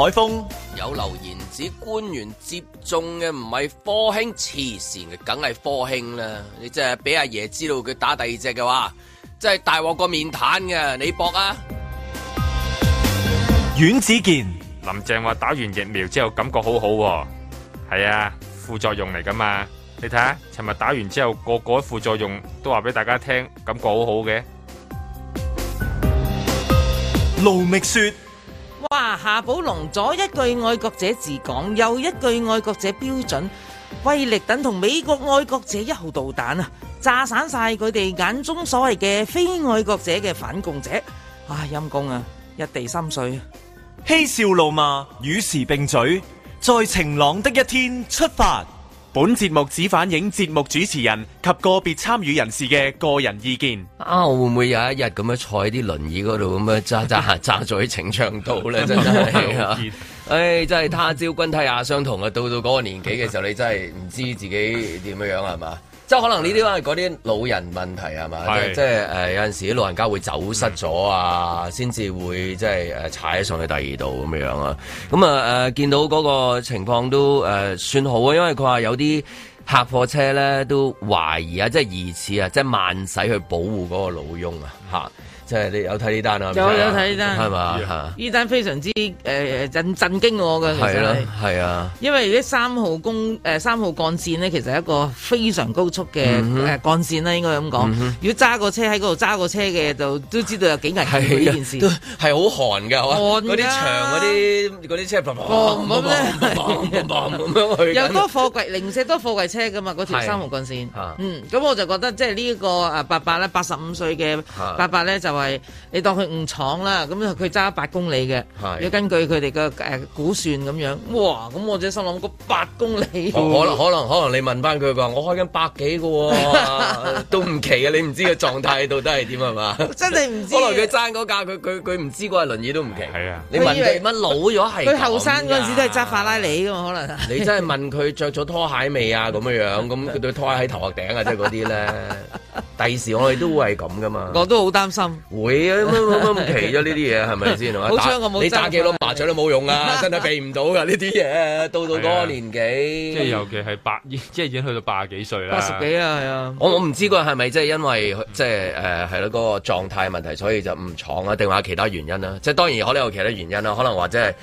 海峰有留言指官員接種嘅唔係科興慈善嘅，梗係科興啦。你真係俾阿爺知道佢打第二隻嘅話，真係大鑊過面癱嘅。你搏啊！阮子健、林鄭話打完疫苗之後感覺好好、啊、喎，係啊，副作用嚟噶嘛？你睇下，尋日打完之後個個副作用，都話俾大家聽，感覺好好嘅。盧覓雪。哇！夏寶龍左一句愛國者治港，右一句愛國者標準，威力等同美國愛國者一號導彈啊！炸散晒佢哋眼中所謂嘅非愛國者嘅反共者啊！陰公啊，一地心碎，嬉笑怒罵與時並舉，在晴朗的一天出發。本節目只反映節目主持人及個別參與人士嘅個人意見。啊，我會唔會有一日咁樣坐喺啲輪椅嗰度咁樣揸揸下，揸咗喺情場度咧？真係，唉，真係他朝君體也相同啊！到到嗰個年紀嘅時候， 你真係唔知自己點樣樣係嘛？是吧即係可能呢啲話嗰啲老人問題係嘛，是即係即係誒，有陣時啲老人家會走失咗啊，先至、嗯、會即係誒踩上去第二度咁樣啊。咁啊誒見到嗰個情況都誒、呃、算好啊，因為佢話有啲客貨車咧都懷疑啊，即係疑似啊，即係慢駛去保護嗰個老翁啊吓。即係你有睇呢單啊？有，有睇單。係嘛？呢單非常之震震驚我嘅，其實係啊，因為而家三號公、誒三號幹線呢，其實係一個非常高速嘅誒幹線啦，應該咁講。如果揸個車喺嗰度揸個車嘅，就都知道有幾危險呢件事，都係好寒嘅，寒嗰啲長嗰啲啲車唪又多貨櫃，零舍多貨櫃車㗎嘛？嗰條三號幹線，嗯，咁我就覺得即係呢一個伯伯咧，八十五歲嘅伯伯咧就。係你當佢誤闖啦，咁佢揸八公里嘅，要根據佢哋嘅誒估算咁樣，哇！咁我只心諗八公里，哦、可能可能可能你問翻佢話我開緊百幾嘅， 都唔奇啊，你唔知個狀態到底係點係嘛？ 真係唔知。可能佢爭嗰架，佢佢佢唔知個輪椅都唔奇。係啊的，你問佢乜老咗係？佢後生嗰陣時都係揸法拉利噶嘛？可能。你真係問佢着咗拖鞋未啊？咁樣 樣，咁佢對拖鞋喺頭殼頂啊？即係嗰啲咧。 第時我哋都會係咁噶嘛？我都好擔心，會啊！乜乜乜，避咗呢啲嘢係咪先？好傷我冇。你打幾多麻雀都冇用啊！真係避唔到㗎呢啲嘢。到到嗰個年紀，即係尤其係八，即係已經去到八十幾歲啦。八十幾啊，係啊！我我唔知佢係咪即係因為即係誒係嗰個狀態問題，所以就唔闖啊？定話其他原因啦？即係當然可能有其他原因啦，可能或者係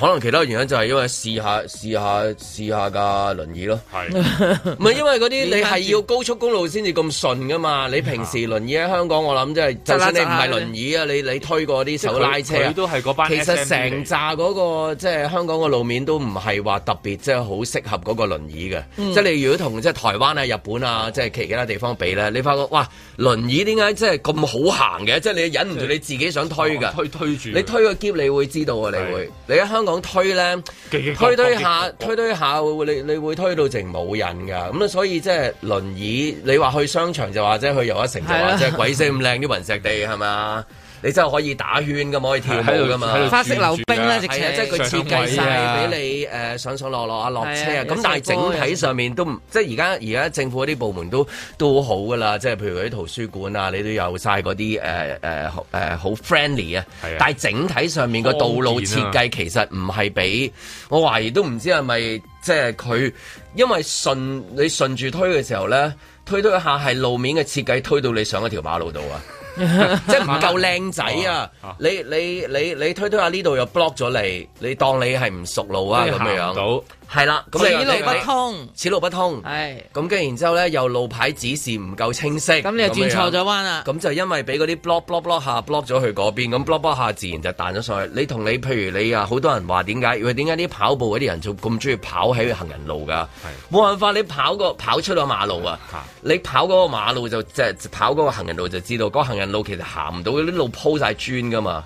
可能其他原因就係因為試下試下試下架輪椅咯。唔係因為嗰啲你係要高速公路先至咁順？噶嘛？你平時輪椅喺香港，我諗即係，就算你唔係輪椅啊，你你推過啲手拉車啊。都係嗰班其實成扎嗰個，即係香港個路面都唔係話特別即係好適合嗰個輪椅嘅。嗯、即係你如果同即係台灣啊、日本啊，即係其其他地方比咧，你發覺哇，輪椅點解即係咁好行嘅？即係你忍唔住你自己想推㗎。推推住。你推個篋你會知道啊！你會你喺香港推咧，推推下，推推下，會會，你你會推到成冇人㗎。咁啊，所以即係輪椅，你話去商場就或者去又一城就，或者、啊、鬼死咁靚啲雲石地係咪？你真係可以打圈，咁可以跳舞噶嘛？轉轉啊、花式溜冰咧，而且、啊、即係佢設計晒俾你誒上上落落啊，落、呃、車啊。咁樣氣但係整體上面都即係而家而家政府嗰啲部門都都好好噶啦。即係譬如嗰啲圖書館啊，你都有晒嗰啲誒誒誒好 friendly 啊。啊但係整體上面個道路設計其實唔係俾我懷疑都不知道是不是，都唔知係咪即係佢因為順你順住推嘅時候咧。推推一下係路面嘅設計，推到你上一條馬路度啊！ 即係唔夠靚仔啊！你你你你推推下呢度又 block 咗你，你當你係唔熟路啊咁樣樣。係啦，咁你此路不通，此路不通，係咁跟住，然之後咧又路牌指示唔夠清晰，咁你就轉錯咗彎啦。咁就因為俾嗰啲 block block block 下 block 咗去嗰邊，咁 block block 下自然就彈咗上去。你同你，譬如你啊，好多人話，點解？喂，點解啲跑步嗰啲人就咁中意跑喺行人路噶？冇是辦法，你跑個跑出咗馬路啊！的你跑嗰個馬路就即係跑嗰個行人路就知道，嗰個行人路其實行唔到，啲路鋪晒磚噶嘛。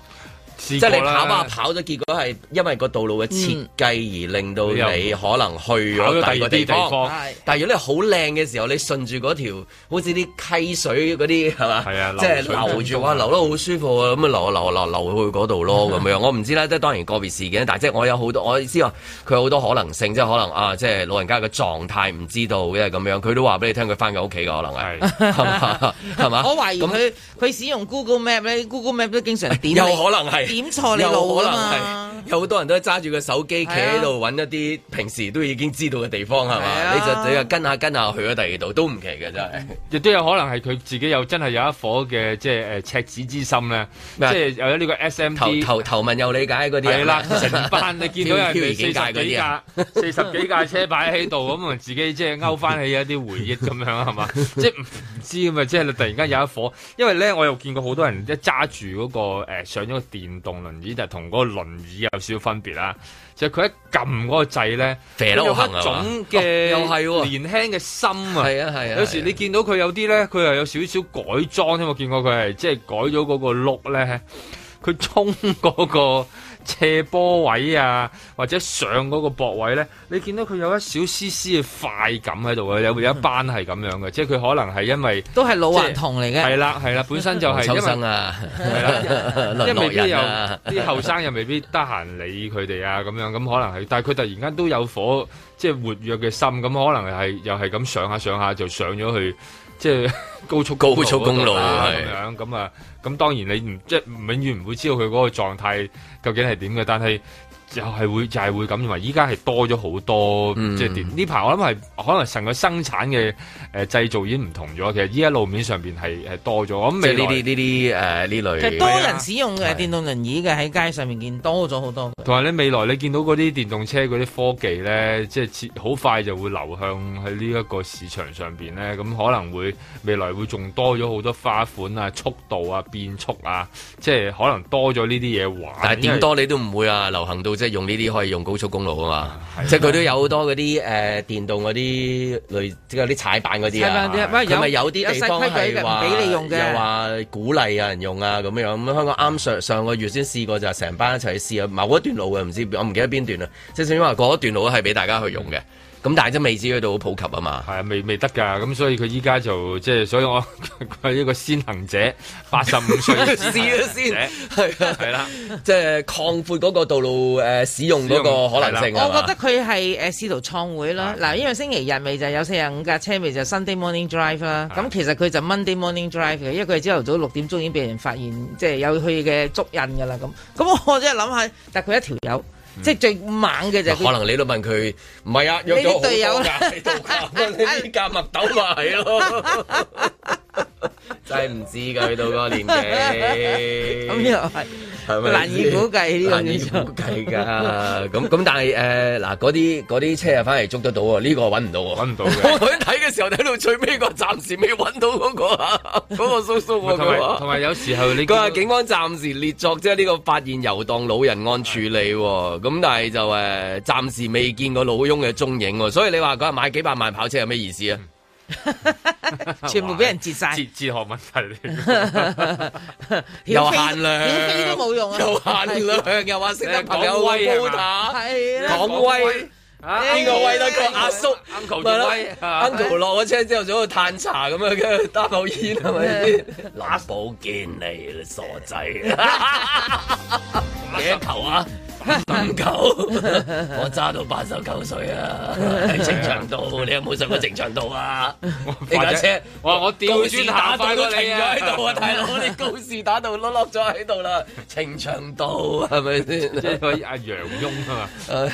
即係你跑啊跑咗，結果係因為個道路嘅設計而令到你可能去咗第二個地方。嗯、地方，但係如果你好靚嘅時候，你順住嗰條好似啲溪水嗰啲係嘛？係啊，即係流住哇，流著、嗯、得好舒服啊！咁啊，流啊流啊流，流去嗰度咯咁樣。嗯、我唔知啦，即係當然個別事件。但係即係我有好多，我意思話佢有好多可能性，即係可能啊，即、就、係、是、老人家嘅狀態唔知道，因為咁樣，佢都話俾你聽，佢翻緊屋企嘅可能係係嘛？我懷疑佢佢那使用 Google Map, Google Map 咧，Google Map 都經常點有、哎、可能係。點錯你老啊嘛！有好多人都揸住個手機企喺度揾一啲平時都已經知道嘅地方係嘛、啊，你就只係跟下跟下去咗第二度都唔奇㗎。真係，亦都有可能係佢自己又真係有一顆嘅即係誒赤子之心咧，麼即係有咗呢個 SM D, S M 頭頭文，問又理解嗰啲係啦，成、啊、班你見到有哋四十幾架四十幾架車擺喺度，咁同自己即係勾翻起一啲回憶咁樣係嘛， 即係唔知知咪即係突然間有一顆因為咧我又見過好多人一揸住嗰個誒、呃、上咗個電動輪椅就同嗰個輪椅。有少少分別啦，就係、是、佢一撳嗰個掣咧，肥佬黑種嘅又係年輕嘅心啊！係啊係啊，哦、有時你見到佢有啲咧，佢又有少少改裝啫，我見過佢係即係改咗嗰個碌咧，佢充嗰個。斜波位啊，或者上嗰個博位咧，你見到佢有一小絲絲嘅快感喺度啊！有冇一班係咁樣嘅？即係佢可能係因為都係老頑童嚟嘅，係啦係啦，本身就係因為啊，了 啊因為未必有啲後生又未必得閒理佢哋啊，咁樣咁可能係，但係佢突然間都有火，即係活躍嘅心，咁可能係又係咁上下上下就上咗去。即係高速高速公路啦，咁樣咁啊，咁是 當然你唔即係永遠唔會知道佢嗰個狀態究竟係點嘅，但係。就係會就係、是、會咁認為。依家係多咗好多，即係電呢排我諗係可能成個生產嘅誒製造已經唔同咗。其實依家路面上邊係係多咗。我諗未來呢啲誒呢類，多人使用嘅、啊、是電動輪椅嘅喺街上面見多咗好多。同埋你未來你見到嗰啲電動車嗰啲科技咧，即係好快就會流向喺呢一個市場上邊咧，咁可能會未來會仲多咗好多花款啊、速度啊、變速啊，即、就、係、是、可能多咗呢啲嘢玩。但係點多你都唔會啊，流行到即係用呢啲可以用高速公路啊嘛吧，即係佢都有好多嗰啲誒電動嗰啲類，即係嗰啲踩板嗰啲啊。佢咪吧麼有啲地方係嘅，俾你用又話鼓勵人用啊咁樣。咁香港啱上上個月先試過，就係成班一齊去試啊，某一段路嘅，唔知我唔記得邊段啦。即係因為嗰段路係俾大家去用嘅。咁但係真未至於到好普及啊嘛，係啊，未未得㗎，咁所以佢依家就即係，所以我係一個先行者，八十五歲 試先先係係啦，即係擴闊嗰個道路、呃、使用嗰個可能性我覺得佢係誒試圖創會啦。嗱的，因為星期日咪就有四廿五架車，咪就 Sunday morning drive 啦。咁的其實佢就 Monday morning drive，因為佢朝頭早六點鐘已經被人發現，即、就、係、是、有佢嘅足印㗎啦。咁咁我即係諗下，但佢一條友。嗯、即係最猛嘅就可能你都問佢，唔係啊，有咗隊友架， 你架麥兜咪係咯。 真係唔知噶，去到個年紀咁又係，係咪 難以估計？難以估計噶，咁 咁 但係誒嗱，嗰啲嗰啲車啊，翻嚟捉得到喎，呢、這個揾唔到喎，揾唔到。到 我睇嘅時候睇到最尾個，暫時未揾到嗰、那個，嗰 個叔叔、那個。同埋 有時候你佢 話，警方暫時列作即係呢個發現遊蕩老人案處理，咁 但係就誒暫時未見過老翁嘅蹤影，所以你話嗰日買幾百萬跑車有咩意思啊？ 全部俾人截晒，哲學問題又限量，飛都冇用啊，又限量，又話識得朋友威係啊，講威，呢個威得個阿叔，唔係咯，uncle 落咗車之後仲喺度嘆茶咁啊，跟住打部煙係咪先？拿寶劍你，傻仔，幾多頭啊？唔夠， 我揸到八十九歲啊！ 情場道，你有冇上過情場道啊？呢架車，哇！我掉線打翻個停咗喺度啊，大佬我！啲告示打到碌、啊、 落咗喺 度啦！情場道係咪先？即係阿楊翁啊嘛？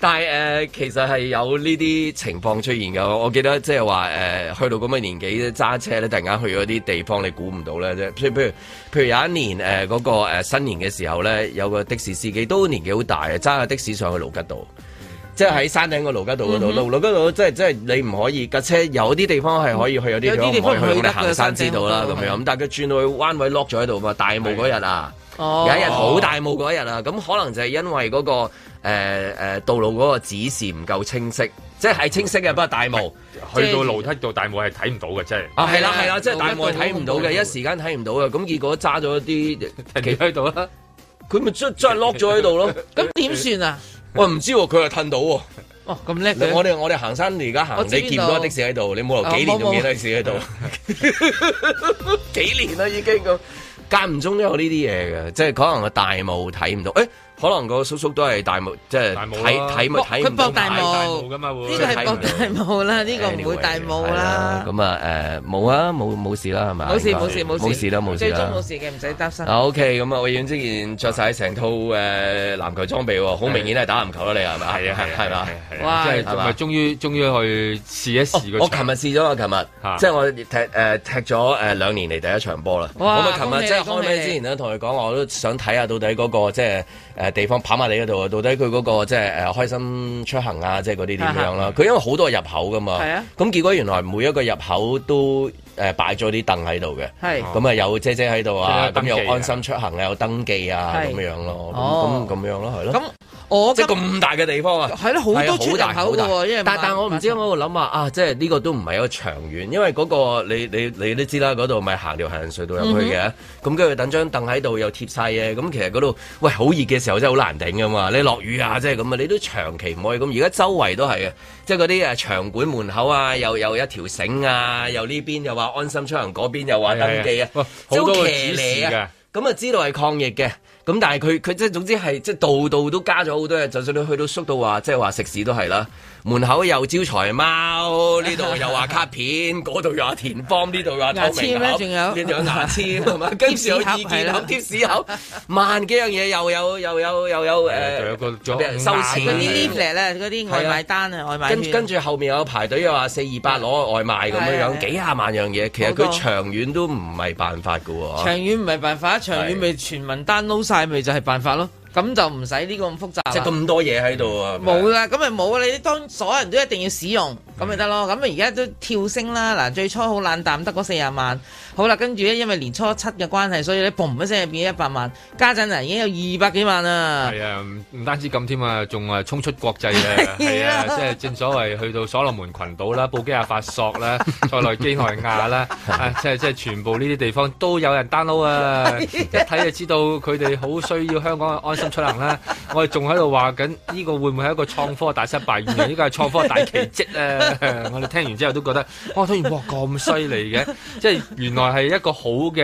但係誒，其實係有呢啲情況出現㗎。我記得即係話誒，去到咁嘅年紀揸車咧，突然間去咗啲地方，你估唔到咧啫、就是。譬如譬如有一年誒嗰、呃那個新年嘅時候咧，有個的士司機都年。年紀好大啊，揸個的士上去盧吉道，即係喺山頂個盧吉道嗰度，盧吉道即係即係你唔可以架車，有啲地方係可以去，有啲地方唔可以去。行山知道啦咁樣，咁但係佢轉到去彎位 lock 咗喺度嘛。大霧嗰日啊，有一日好大霧嗰日啊，咁可能就係因為嗰個誒誒道路嗰個指示唔夠清晰，即係係清晰嘅，不過大霧去到盧吉道，大霧係睇唔到嘅，即係啊係啦係啦，即係大霧睇唔到嘅，一時間睇唔到嘅，咁結果揸咗啲企喺度啦。佢咪真係 lock 咗喺度咯？咁點算啊？我唔知喎、啊，佢又褪到喎、啊。哦，咁叻、啊！我哋我哋行山而家行，你見唔到的士喺度？你冇留幾年仲見到的士喺度？哦、冇冇 幾年啦已經咁，間唔中都有呢啲嘢嘅，即係可能個大霧睇唔到。欸可能個叔叔都係大帽，即係睇睇睇佢博大帽，呢個係博大帽啦，呢個唔會大帽啦。咁啊誒冇啊，冇冇事啦，係咪？冇事冇事冇事啦，最終冇事嘅，唔使擔心。OK，咁啊，我遠之前着晒成套誒籃球裝備，好明顯係打籃球啦，你係咪？係啊係啊係哇，即係同埋終於終於去試一試我琴日試咗啊，琴日即係我踢誒踢咗誒兩年嚟第一場波啦。咁啊，琴日即係開咪之前咧，同佢講我都想睇下到底嗰個即係。誒、呃、地方跑馬地嗰度啊，到底佢嗰、嗰個即係誒開心出行啊，即係嗰啲點樣啦？佢的因為好多入口噶嘛，咁的結果原來每一個入口都。誒擺咗啲凳喺度嘅，咁啊有姐姐喺度啊，咁又安心出行啊，有登記啊，咁樣咯，咁咁樣咯，係咯。咁我即係咁大嘅地方啊，係咯，好多出口嘅喎，但但我唔知我喺度諗啊，啊即係呢個都唔係一個長遠，因為嗰個你你你都知啦，嗰度咪行條行隧道入去嘅，咁跟住等張凳喺度又貼晒嘢。咁其實嗰度喂好熱嘅時候真係好難頂㗎嘛，你落雨啊，即係咁啊，你都長期唔可以咁，而家周圍都係啊，即係嗰啲誒場館門口啊，又又一條繩啊，又呢邊又話。安心出行嗰邊又話登記啊，好奇你嘅，咁啊知道係抗疫嘅。咁但係佢佢即總之係即係度度都加咗好多嘢，就算你去到縮到話即係話食肆都係啦。門口，又招財貓，呢度又話卡片，嗰度又話田方，呢度又話聰明啊，仲有牙籤，係嘛？跟住有意見，有貼士，有萬幾樣嘢，又有又有又有誒，仲有個俾人收錢嗰啲 l i f 嗰啲外賣單啊，外賣跟跟住後面有排隊，又話四二八攞外賣咁樣樣，幾廿萬樣嘢，其實佢長遠都唔係辦法嘅喎。長遠唔係辦法，長遠咪全民單撈晒咪就係辦法咯。咁就唔使呢個咁複雜，即係咁多嘢喺度啊！冇啦，咁咪冇啊！你當所有人都一定要使用。咁咪得咯，咁啊而家都跳升啦，嗱，最初好冷淡得嗰四十萬，好啦，跟住咧因為年初七嘅關係，所以咧嘣一聲就變一百萬，家陣啊已經有二百幾萬啦，係啊，唔單止咁添啊，仲啊衝出國際啊，係 啊，啊即係正所謂去到所羅門群島啦、布基亞法索啦、塞內基內亞啦，即係即係全部呢啲地方都有人 download 啊！啊一睇就知道佢哋好需要香港嘅安心出行啦、啊。我哋仲喺度話緊呢個會唔會係一個創科大失敗？原來呢個係創科大奇蹟啊！我哋聽完之後都覺得，哦、哇！原來哇咁犀利嘅，即係原來係一個好嘅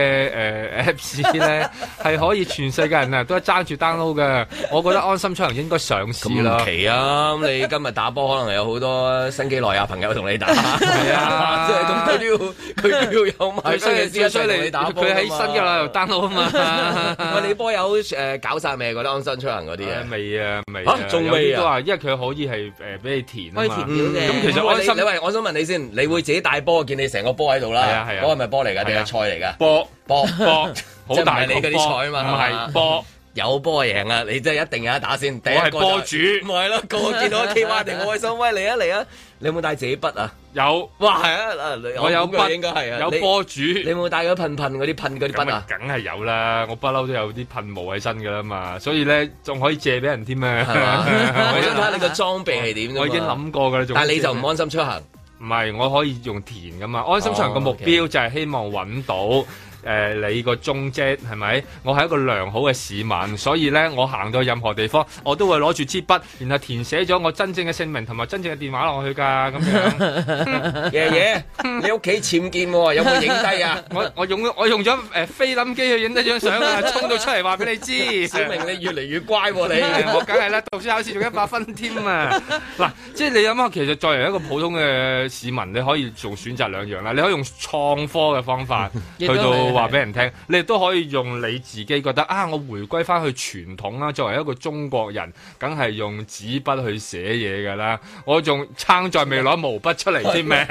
誒 Apps 咧，係、呃、可以全世界人啊都爭住 download 嘅。我覺得安心出行應該上市啦。咁期啊！你今日打波可能有好多新幾內亞朋友同你打。係啊係啊、即係咁佢要佢要有埋新嘅 Apps 打波佢喺新幾內亞又 download 啊嘛。喂、啊，啊、你波友、呃、搞晒未？嗰啲安心出行嗰啲嘢？未啊，未啊，仲未啊。未啊因為佢可以係誒俾你填，可以填咁其實你喂，我想問你先，你會自己帶波？我見你成個波喺度啦，嗰個係咪波嚟㗎？定係、啊啊、菜嚟㗎？波波波，好大你嗰啲菜啊嘛，唔係波球。吧有波贏啊！你真係一定有一打先。我係波主，唔係咯？個見到企埋定，我心威嚟啊嚟啊！你有冇帶自己筆啊？有哇係啊！我有筆，應該係啊。有波主，你有冇帶嗰噴噴嗰啲噴嗰啲筆啊？梗係有啦，我不嬲都有啲噴霧喺身噶啦嘛，所以咧仲可以借俾人添咩。睇下你個裝備係點。我已經諗過噶啦，但係你就唔安心出行。唔係，我可以用填噶嘛。安心出行個目標就係希望揾到。誒、呃，你個中者係咪？我係一個良好嘅市民，所以咧，我行到任何地方，我都會攞住支筆，然後填寫咗我真正嘅姓名同埋真正嘅電話落去㗎，咁樣。嗯、爺爺，嗯、你屋企僭建喎、哦，有冇影低啊？ 我我用我用咗誒、呃、 菲林機去影低張相啊， 衝到出嚟話俾你知。 小明，你越嚟越乖喎、啊，你 我梗係啦，讀書考試仲一百分添啊！嗱，即係你諗下其實作為一個普通嘅市民，你可以做選擇兩樣啦。你可以用創科嘅方法 去到。話俾人聽，你亦都可以用你自己覺得啊，我回歸翻去傳統啦，作為一個中國人，梗係用紙筆去寫嘢噶啦。我仲撐在未攞毛筆出嚟啫咩？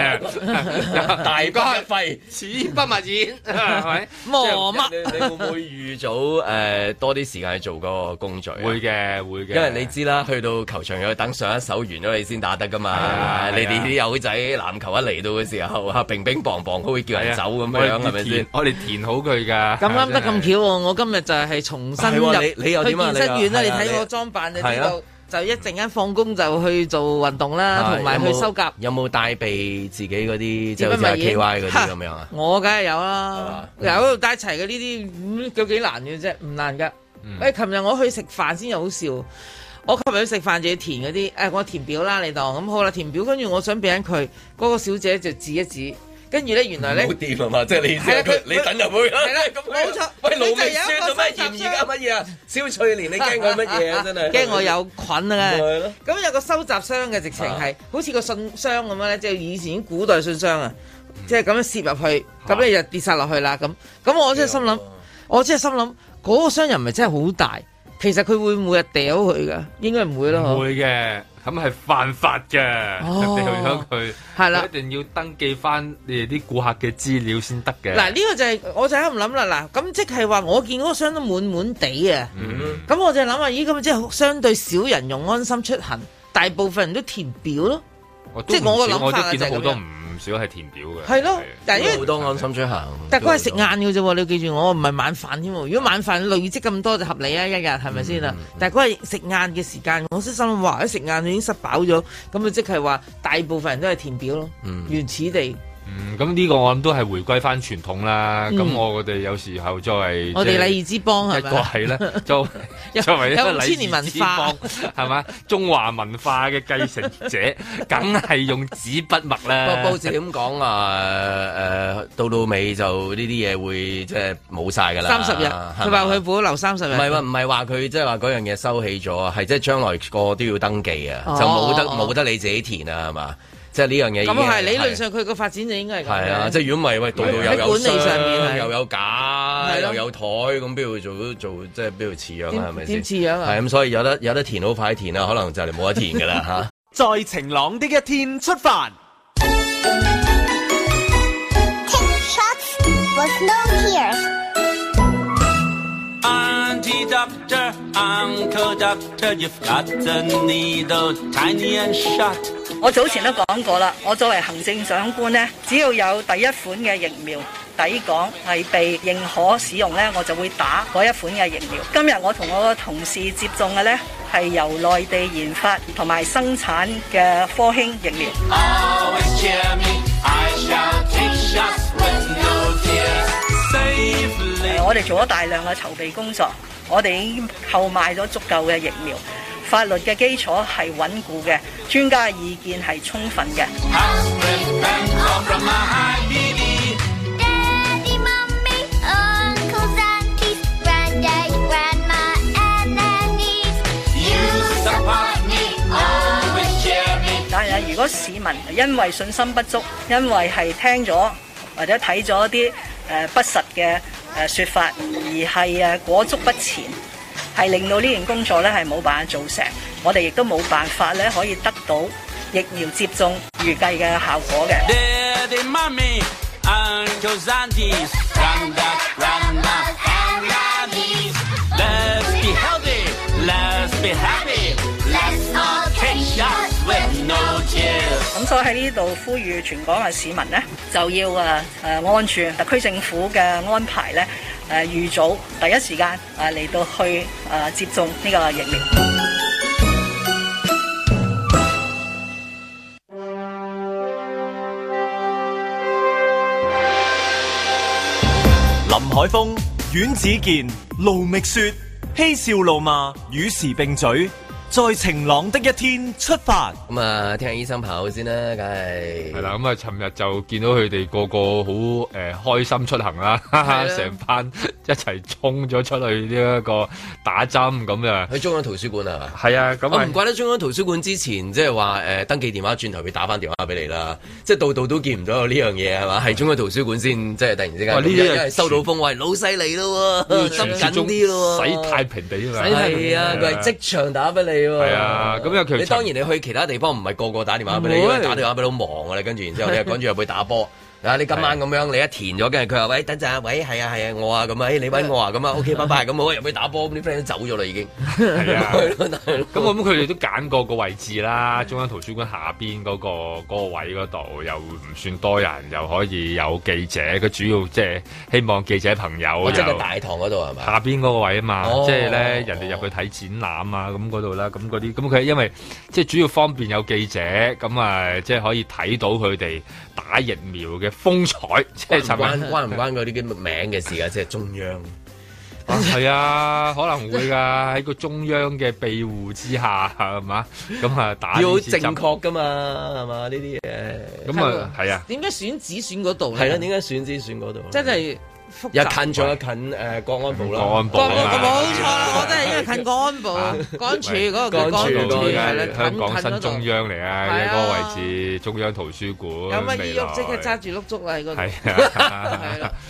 大哥廢，紙筆埋係紙，係咪？筆。你會唔會預早誒多啲時間去做嗰個工序？會嘅，會嘅。因為你知啦，去到球場要等上一手完咗，你先打得噶嘛。你哋啲友仔籃球一嚟到嘅時候，吓乒乒乓乓，佢會叫人走咁樣，係咪先？我哋。好佢噶，咁啱得咁巧喎！我今日就係重新入去健身院啦，你睇我裝扮你睇到就一陣間放工就去做運動啦，同埋去收夾。有冇帶備自己嗰啲，即係 K Y 嗰啲咁樣啊？我梗係有啦，有帶齊嘅呢啲叫幾難嘅啫，唔難噶。喂，琴日我去食飯先又好笑，我琴日去食飯就要填嗰啲，誒，我填表啦，你當咁好啦，填表，跟住我想俾緊佢，嗰個小姐就指一指。跟住咧，原來咧冇掂啊嘛，即係你先，你等入去啦。係啦，咁冇錯。喂，老咩消做咩嫌疑啊？乜嘢啊？肖翠蓮，你驚我乜嘢啊？真係驚我有菌啊！咁有個收集箱嘅直情係好似個信箱咁樣咧，即係以前啲古代信箱啊，即係咁樣攝入去，咁咧就跌曬落去啦。咁咁我真係心諗，我真係心諗嗰個箱又唔係真係好大，其實佢會每日掉佢噶，應該唔會啦，嗬？唔會嘅。咁係犯法嘅，你去咗佢，係啦，的一定要登記翻你哋啲顧客嘅資料先得嘅。嗱，呢、這個就係、是、我就喺度諗啦。嗱，咁即係話我見嗰箱都滿滿地啊，咁、嗯嗯、我就諗啊，咦，咁即係相對少人用安心出行，大部分人都填表咯，即係我嘅諗法就係咁樣，我都見到好多唔。唔少係填表嘅，係咯的，是的但係因為好多安心出行。但嗰係食晏嘅啫喎，的你要記住，我唔係晚飯添喎。如果晚飯累積咁多就合理啊、嗯嗯，一日係咪先啦？但係嗰係食晏嘅時間，我先心話，一食晏已經食飽咗，咁咪即係話大部分人都係填表咯，嗯、原始地。咁呢個我諗都係回歸翻傳統啦。咁我哋有時候作為我哋禮儀之邦係咪一個係咧，就作為一個禮儀之邦，有五千年文化係嘛？中華文化嘅繼承者，梗係用紙筆墨啦。不過報紙點講啊？誒，到到尾就呢啲嘢會即係冇晒㗎啦。三十日，佢話佢保留三十日。唔係話唔係話佢即係話嗰樣嘢收起咗，係即係將來個都要登記啊，就冇得冇得你自己填啊，係嘛？即係呢樣嘢，咁啊係理論上佢個發展就應該係咁係啊！即係如果唔係喂，度度又有，有管理上面，又有假是的 又有台，咁邊度做做，即係邊度似樣啊？係咪先？似樣啊？係咁，所以有得有得填好快填啦，可能就嚟冇得填噶啦嚇。在 晴朗一的一天出發。我早前都講過啦，我作為行政長官咧，只要有第一款嘅疫苗抵港係被認可使用咧，我就會打嗰一款嘅疫苗。今日我同我個同事接種嘅咧係由內地研發同埋生產嘅科興疫苗。Uh, 我哋做咗大量嘅籌備工作，我哋已經購買咗足夠嘅疫苗。法律嘅基礎係穩固嘅，專家嘅意見係充分嘅。但係，如果市民因為信心不足，因為係聽咗或者睇咗啲誒不實嘅誒說法，而係誒裹足不前。係令到呢件工作咧係冇辦法做成，我哋亦都冇辦法咧可以得到疫苗接種預計嘅效果嘅。咁 No ,、yeah. 所以喺呢度呼籲全港嘅市民呢，就要啊誒、呃、安全，特區政府嘅安排呢誒預、呃、早，第一時間啊嚟到去啊、呃、接種呢個疫苗。林海峰、阮子健、盧覓雪、嬉笑怒罵與時並舉。在晴朗的一天出發，咁啊聽下醫生跑先啦，梗係係啦。咁啊，尋日就見到佢哋個個好誒開心出行啦，成班一齊衝咗出去呢一個打針咁樣。去中央圖書館啊？係啊，咁唔怪得中央圖書館之前即係話登記電話，轉頭會打翻電話俾你啦。即係度度都見唔到有呢樣嘢係嘛？係中央圖書館先，即係突然之間，收到風，喂，老細你咯，要緊啲咯，使太平地啊嘛係啊，佢係即場打俾你。係啊，咁有其你當然你去其他地方唔係個,個個打電話俾你，因為打電話俾你好忙㗎。你跟住然之後你又趕住又去打波。 啊！你今晚咁樣、啊、你一填咗嘅，佢話喂，等陣啊！喂，係啊係啊，我啊咁啊，誒你揾我啊咁啊，OK，拜拜，咁好啊入去打波，咁啲 friend 都走咗啦已經。係啊，咁我諗佢哋都揀過個位置啦，中央圖書館下邊嗰、那個那個嗰個嗰個位嗰度又唔算多人，又可以有記者。佢主要即係希望記者朋友。即係大堂嗰度係嘛？下邊嗰個位啊嘛，即係咧人哋入去睇展覽啊咁嗰度啦，咁嗰啲咁佢因為即係主要方便有記者，咁啊即係可以睇到佢哋。打疫苗嘅風采，即係關關唔 關嗰啲嘅名嘅事啊！即、就、係、是、中央，係 啊，啊，可能會㗎，喺 個中央嘅庇護之下係嘛？咁啊，打要正確㗎嘛係嘛？呢啲嘢咁啊係啊，點解選子選嗰度咧？係啦、啊，點解選子選嗰度咧？即係。又近咗近誒國安部啦，國安部啦，冇錯啦，我都係因為近國安部、國安處嗰個國安處嗰啲係啦，香港新中央嚟啊，嗰個位置中央圖書館，有乜嘢喐即刻揸住碌竹嚟嗰度，係啊，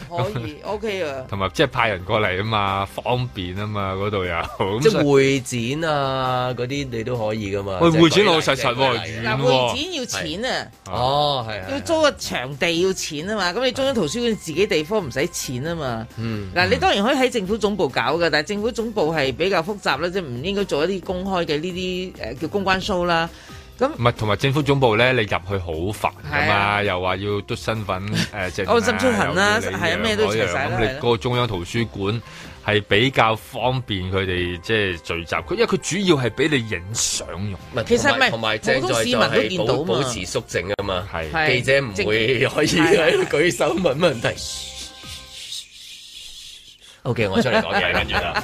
係可以 OK 啊，同埋即係派人過嚟啊嘛，方便啊嘛，嗰度又即係會展啊嗰啲你都可以噶嘛，會展老實實遠喎，會展要錢啊，哦係，要租個場地要錢啊嘛，咁你中央圖書館自己地方唔使錢。啊嘛，嗱，你當然可以喺政府總部搞嘅，但係政府總部係比較複雜啦，即係唔應該做一啲公開嘅呢啲誒叫公關 show 啦。咁唔係同埋政府總部咧，你入去好煩㗎嘛，又話要篤身份誒，即安心出行啦，係有理樣？咁你嗰個中央圖書館係比較方便佢哋即係聚集，因為佢主要係俾你影相用。其實同埋政府市民都見到保持肅靜啊嘛，記者唔會可以喺度舉手問問題。O.K. 我出嚟講嘢，跟住啦，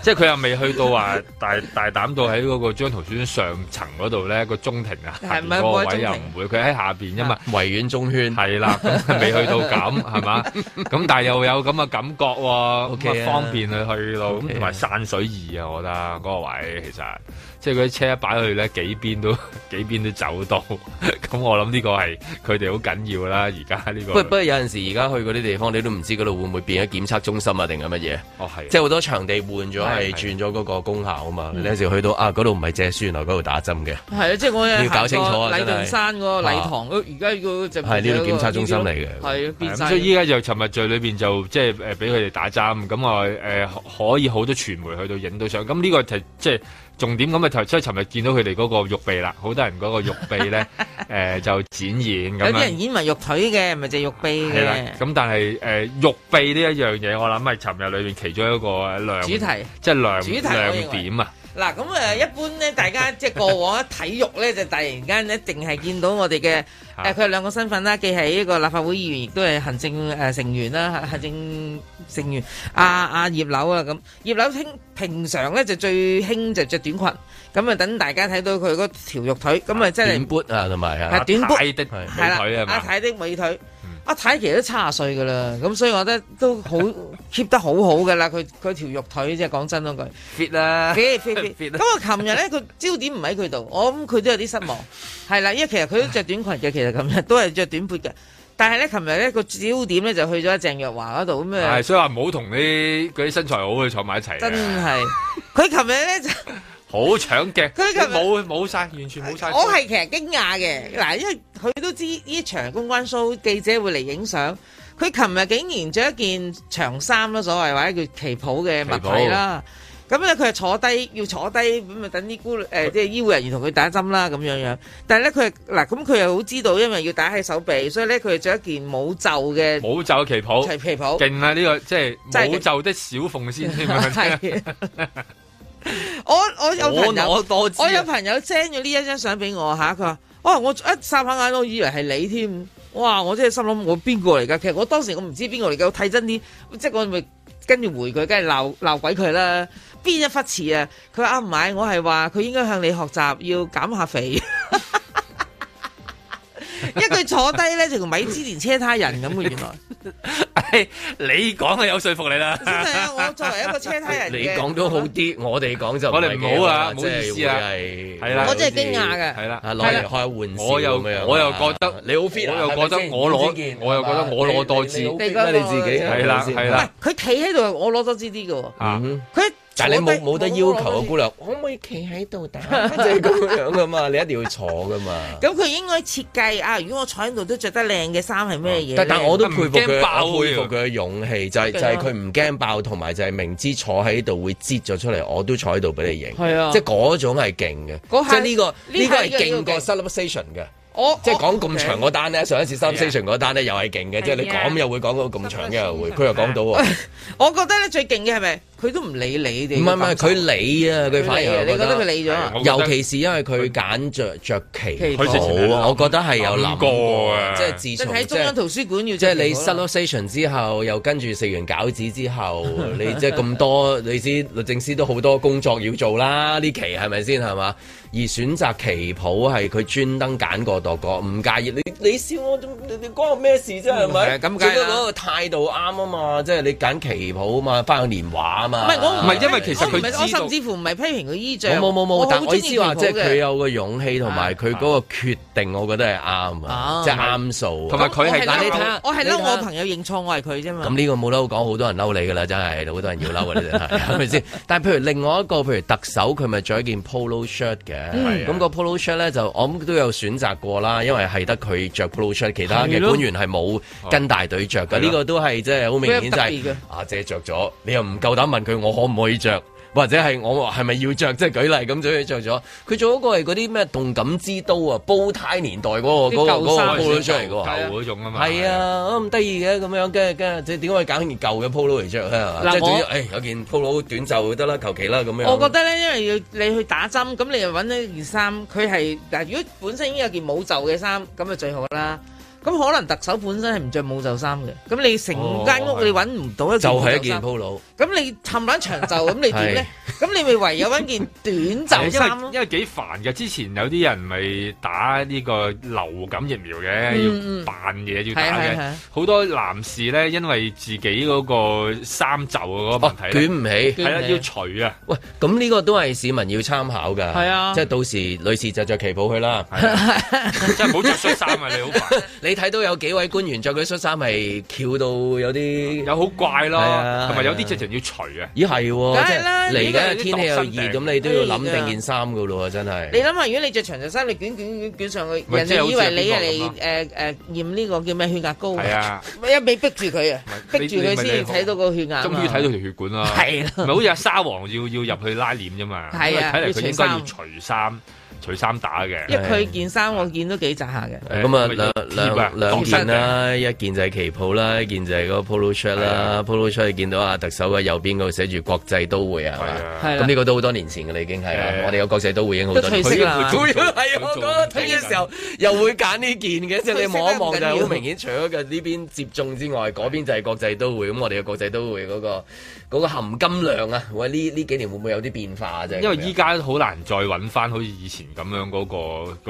即係佢又未去到話大大膽到喺嗰個張圖村上層嗰度咧個中庭啊，係咪？嗰個位又唔會，佢喺下邊，啫嘛，維園中圈係啦，咁未去到咁係嘛？咁但係又有咁嘅感覺喎，方便去去到，咁同埋山水宜啊，我覺得嗰個位其實，即係佢啲車一擺去咧，幾邊都幾邊都走到，咁我諗呢個係佢哋好緊要啦。而家呢個不不過有陣時，而家去嗰啲地方，你都唔知嗰度會唔會變咗檢測中心啊？定有乜嘢？哦，係，即係好多場地換咗，係轉咗嗰個功效啊嘛！你有時去到啊，嗰度唔係借書原來嗰度打針嘅，係啊，即係我要搞清楚啊，禮殿山嗰個禮堂，而家要就係呢度檢測中心嚟嘅。係啊，變曬。咁所以依家就尋日聚裏邊就即係誒俾佢哋打針，咁我誒可以好多傳媒去到影到相。咁呢個就即係。重點咁咪就所以，尋日見到佢哋嗰個玉臂啦，好多人嗰個玉臂咧，誒、 呃、就展現咁樣。有啲人演埋玉腿嘅，咪就係玉臂嘅。係啦，咁但係誒玉臂呢一樣嘢，我諗係尋日裏面其中一個亮主題，即係亮亮點啊！嗱咁誒，一般咧，大家即係過往咧， 體育咧就突然間咧，淨係見到我哋嘅誒，佢、呃、兩個身份啦，既係一個立法會議員，亦都係行政誒成員啦，行政成員阿阿葉柳啊咁、啊。葉柳興平常咧就最興就着短裙，咁啊等大家睇到佢嗰條肉腿，咁啊真係短 boot 啊同埋啊，係、啊、短 boot 係啦，阿太的美腿。的吧啊，睇嚟都七十歲噶啦，咁所以我覺得都好 keep 得好好噶啦，佢佢條肉腿即係講真嗰句 fit 啦，fit fit 咁啊！琴日咧，佢焦點唔喺佢度，我諗佢都有啲失望，係啦， 因為其實佢都着短裙嘅，其實琴日都係着短褲嘅，但係咧琴日咧個焦點咧就去咗鄭若驊嗰度咁啊，所以話唔好同啲佢啲身材好去坐埋一齊 真係佢琴日咧就。 好搶鏡，佢冇冇晒，完全冇晒。我係其實驚訝嘅。嗱，因為佢都知呢場公關 show，記者會嚟影相。佢琴日竟然着一件長衫咯，所謂或者叫旗袍嘅物體啦。咁咧袍，佢又坐低，要坐低咁咪等啲姑誒即係醫護人員同佢打針啦，咁樣他樣。但係咧，佢又嗱，咁佢又好知道，因為要打喺手臂，所以咧佢着一件冇袖嘅冇袖旗袍，係旗袍。勁啊！呢、呢個即係冇袖的小鳳仙我我有朋友，我，我有朋友 send 咗呢一張相俾我吓，佢話：哦，我一霎下眼都以為係你添。哇，我真係心諗，我邊個嚟噶？其實我當時我唔知邊個嚟噶我睇真啲，即係我咪跟住回佢，梗係鬧鬧鬼佢啦。邊一忽似啊？佢話：啊唔係，我係話佢應該向你學習，要減下肥。 一句坐低咧，就同米芝蓮車胎人咁嘅，原來。 你講係有說服你啦，係啊！我作為一個車胎人你講都好啲，我哋講就我哋唔好啊！唔好意思啊，我係我係驚訝嘅，係啦，攞嚟開下玩笑咁樣，我又覺得你好 fit 我又覺得我攞，我又覺得我攞多支。咩你自己係啦係啦，佢企喺度，我攞多支啲嘅喎，佢。但係你冇冇得要求啊，姑娘，可唔可以企喺度等？即係咁樣噶嘛，你一定要坐噶嘛。咁佢應該設計啊！如果我坐喺度都着得靚嘅衫，係咩嘢？但我都佩服佢，佩服佢嘅勇氣，就係就係佢唔驚爆，同埋就係明知坐喺度會擠咗出嚟，我都坐喺度俾你影。係啊，即係嗰種係勁嘅，即係呢個呢個係勁過 celebration 嘅。即係講咁長嗰單咧，上一次 celebration 嗰單咧又係勁嘅，即係你講又會講到咁長嘅，又會佢又講到。我覺得咧最勁嘅係咪？佢都唔理你哋。唔係唔係，佢理啊！佢反而，覺你覺得佢理咗，尤其是因為佢揀着着旗袍，我覺得係有諗過啊！過即係自從但係中央圖書館要，即係你 l 落 station 之後，又跟住食完餃子之後， 你即係咁多，你知律政司都好多工作要做啦。呢期係咪先係嘛？而選擇旗袍係佢專登揀過度過，唔介意你你笑我，你你關我咩事啫？係咪是？咁計啊！最多嗰個態度啱啊嘛，即係你揀旗袍啊嘛，翻去年畫。唔係我唔係，因為其實佢我甚至乎唔係批評佢衣着。冇冇冇，但係我意思話，即係佢有個勇氣同埋佢嗰個決定，我覺得係啱啊，即係啱數。同埋佢係，但係你睇下，我係嬲我朋友認錯我係佢啫嘛。咁呢個冇得講，好多人嬲你噶啦，真係好多人要嬲嘅，你哋係咪先？但係譬如另外一個，譬如特首佢咪着一件 polo shirt 嘅，咁個 polo shirt 咧就我諗都有選擇過啦，因為係得佢着 polo shirt，其他嘅官員係冇跟大隊着嘅。呢個都係即係好明顯就係阿姐着咗，你又唔夠膽問？佢我可唔可以着，或者係我係咪要着？即係舉例咁，所以着咗佢做嗰個係嗰啲咩動感之都啊，煲呔年代嗰個嗰個鋪咗出嚟嘅舊嗰種啊嘛，係啊，咁得意嘅咁樣，跟住跟住點解會揀件舊嘅 Polo 嚟着咧？即係主要誒有件 Polo 短袖得啦，求其啦咁樣。我覺得咧，因為你去打針咁，你又搵咗件衫，佢係如果本身已經有件冇袖嘅衫，咁就最好啦。咁可能特首本身係唔着冇袖衫嘅，咁你成間屋你揾唔到一件，就係一件鋪佬。咁你冚撚長袖，咁你點咧？咁你咪唯有揾件短袖衫咯。因為幾煩嘅，之前有啲人咪打呢個流感疫苗嘅，要扮嘢要打嘅。好多男士咧，因為自己嗰個衫袖嗰個問題捲唔起，係啦，要除啊。喂，咁呢個都係市民要參考㗎。係啊，即係到時女士就着旗袍去啦。即係唔好著恤衫啊！你好煩。你睇到有幾位官員着佢啲恤衫，咪翹到有啲，有好怪咯，同埋有啲直情要除啊！啊啊咦，係喎、梗係啦、啊，嚟緊天氣又熱，咁你，你都要諗定件衫噶咯喎，真係。你諗下，如果你着長袖衫，你捲卷卷捲上去，人哋以為你係嚟誒誒驗呢個叫咩血壓高？係啊，一味 逼住佢啊，逼住佢先睇到個血壓。終於睇到條血管啦，係咪、啊、好似阿沙皇要要入去拉鍊啫嘛？係啊，睇嚟佢應該要除衫。取衫打嘅，一佢件衫我見都幾窄下嘅。咁啊，兩兩件啦，一件就係旗袍啦，一件就係嗰 Polo shirt 啦，Polo shirt 你見到啊特首嘅右邊嗰度寫住國際都會啊嘛，咁呢個都好多年前嘅啦已經係，我哋嘅國際都會已經好多年。褪色啦，咁樣係啊，咁嘅時候又會揀呢件嘅，即係你望一望就好明顯，除咗呢邊接種之外，嗰邊就係國際都會咁，我哋嘅國際都會嗰個。嗰個含金量啊！喂，呢呢幾年會唔會有啲變化啊？因為依家好難再搵翻好似以前咁樣嗰、嗰個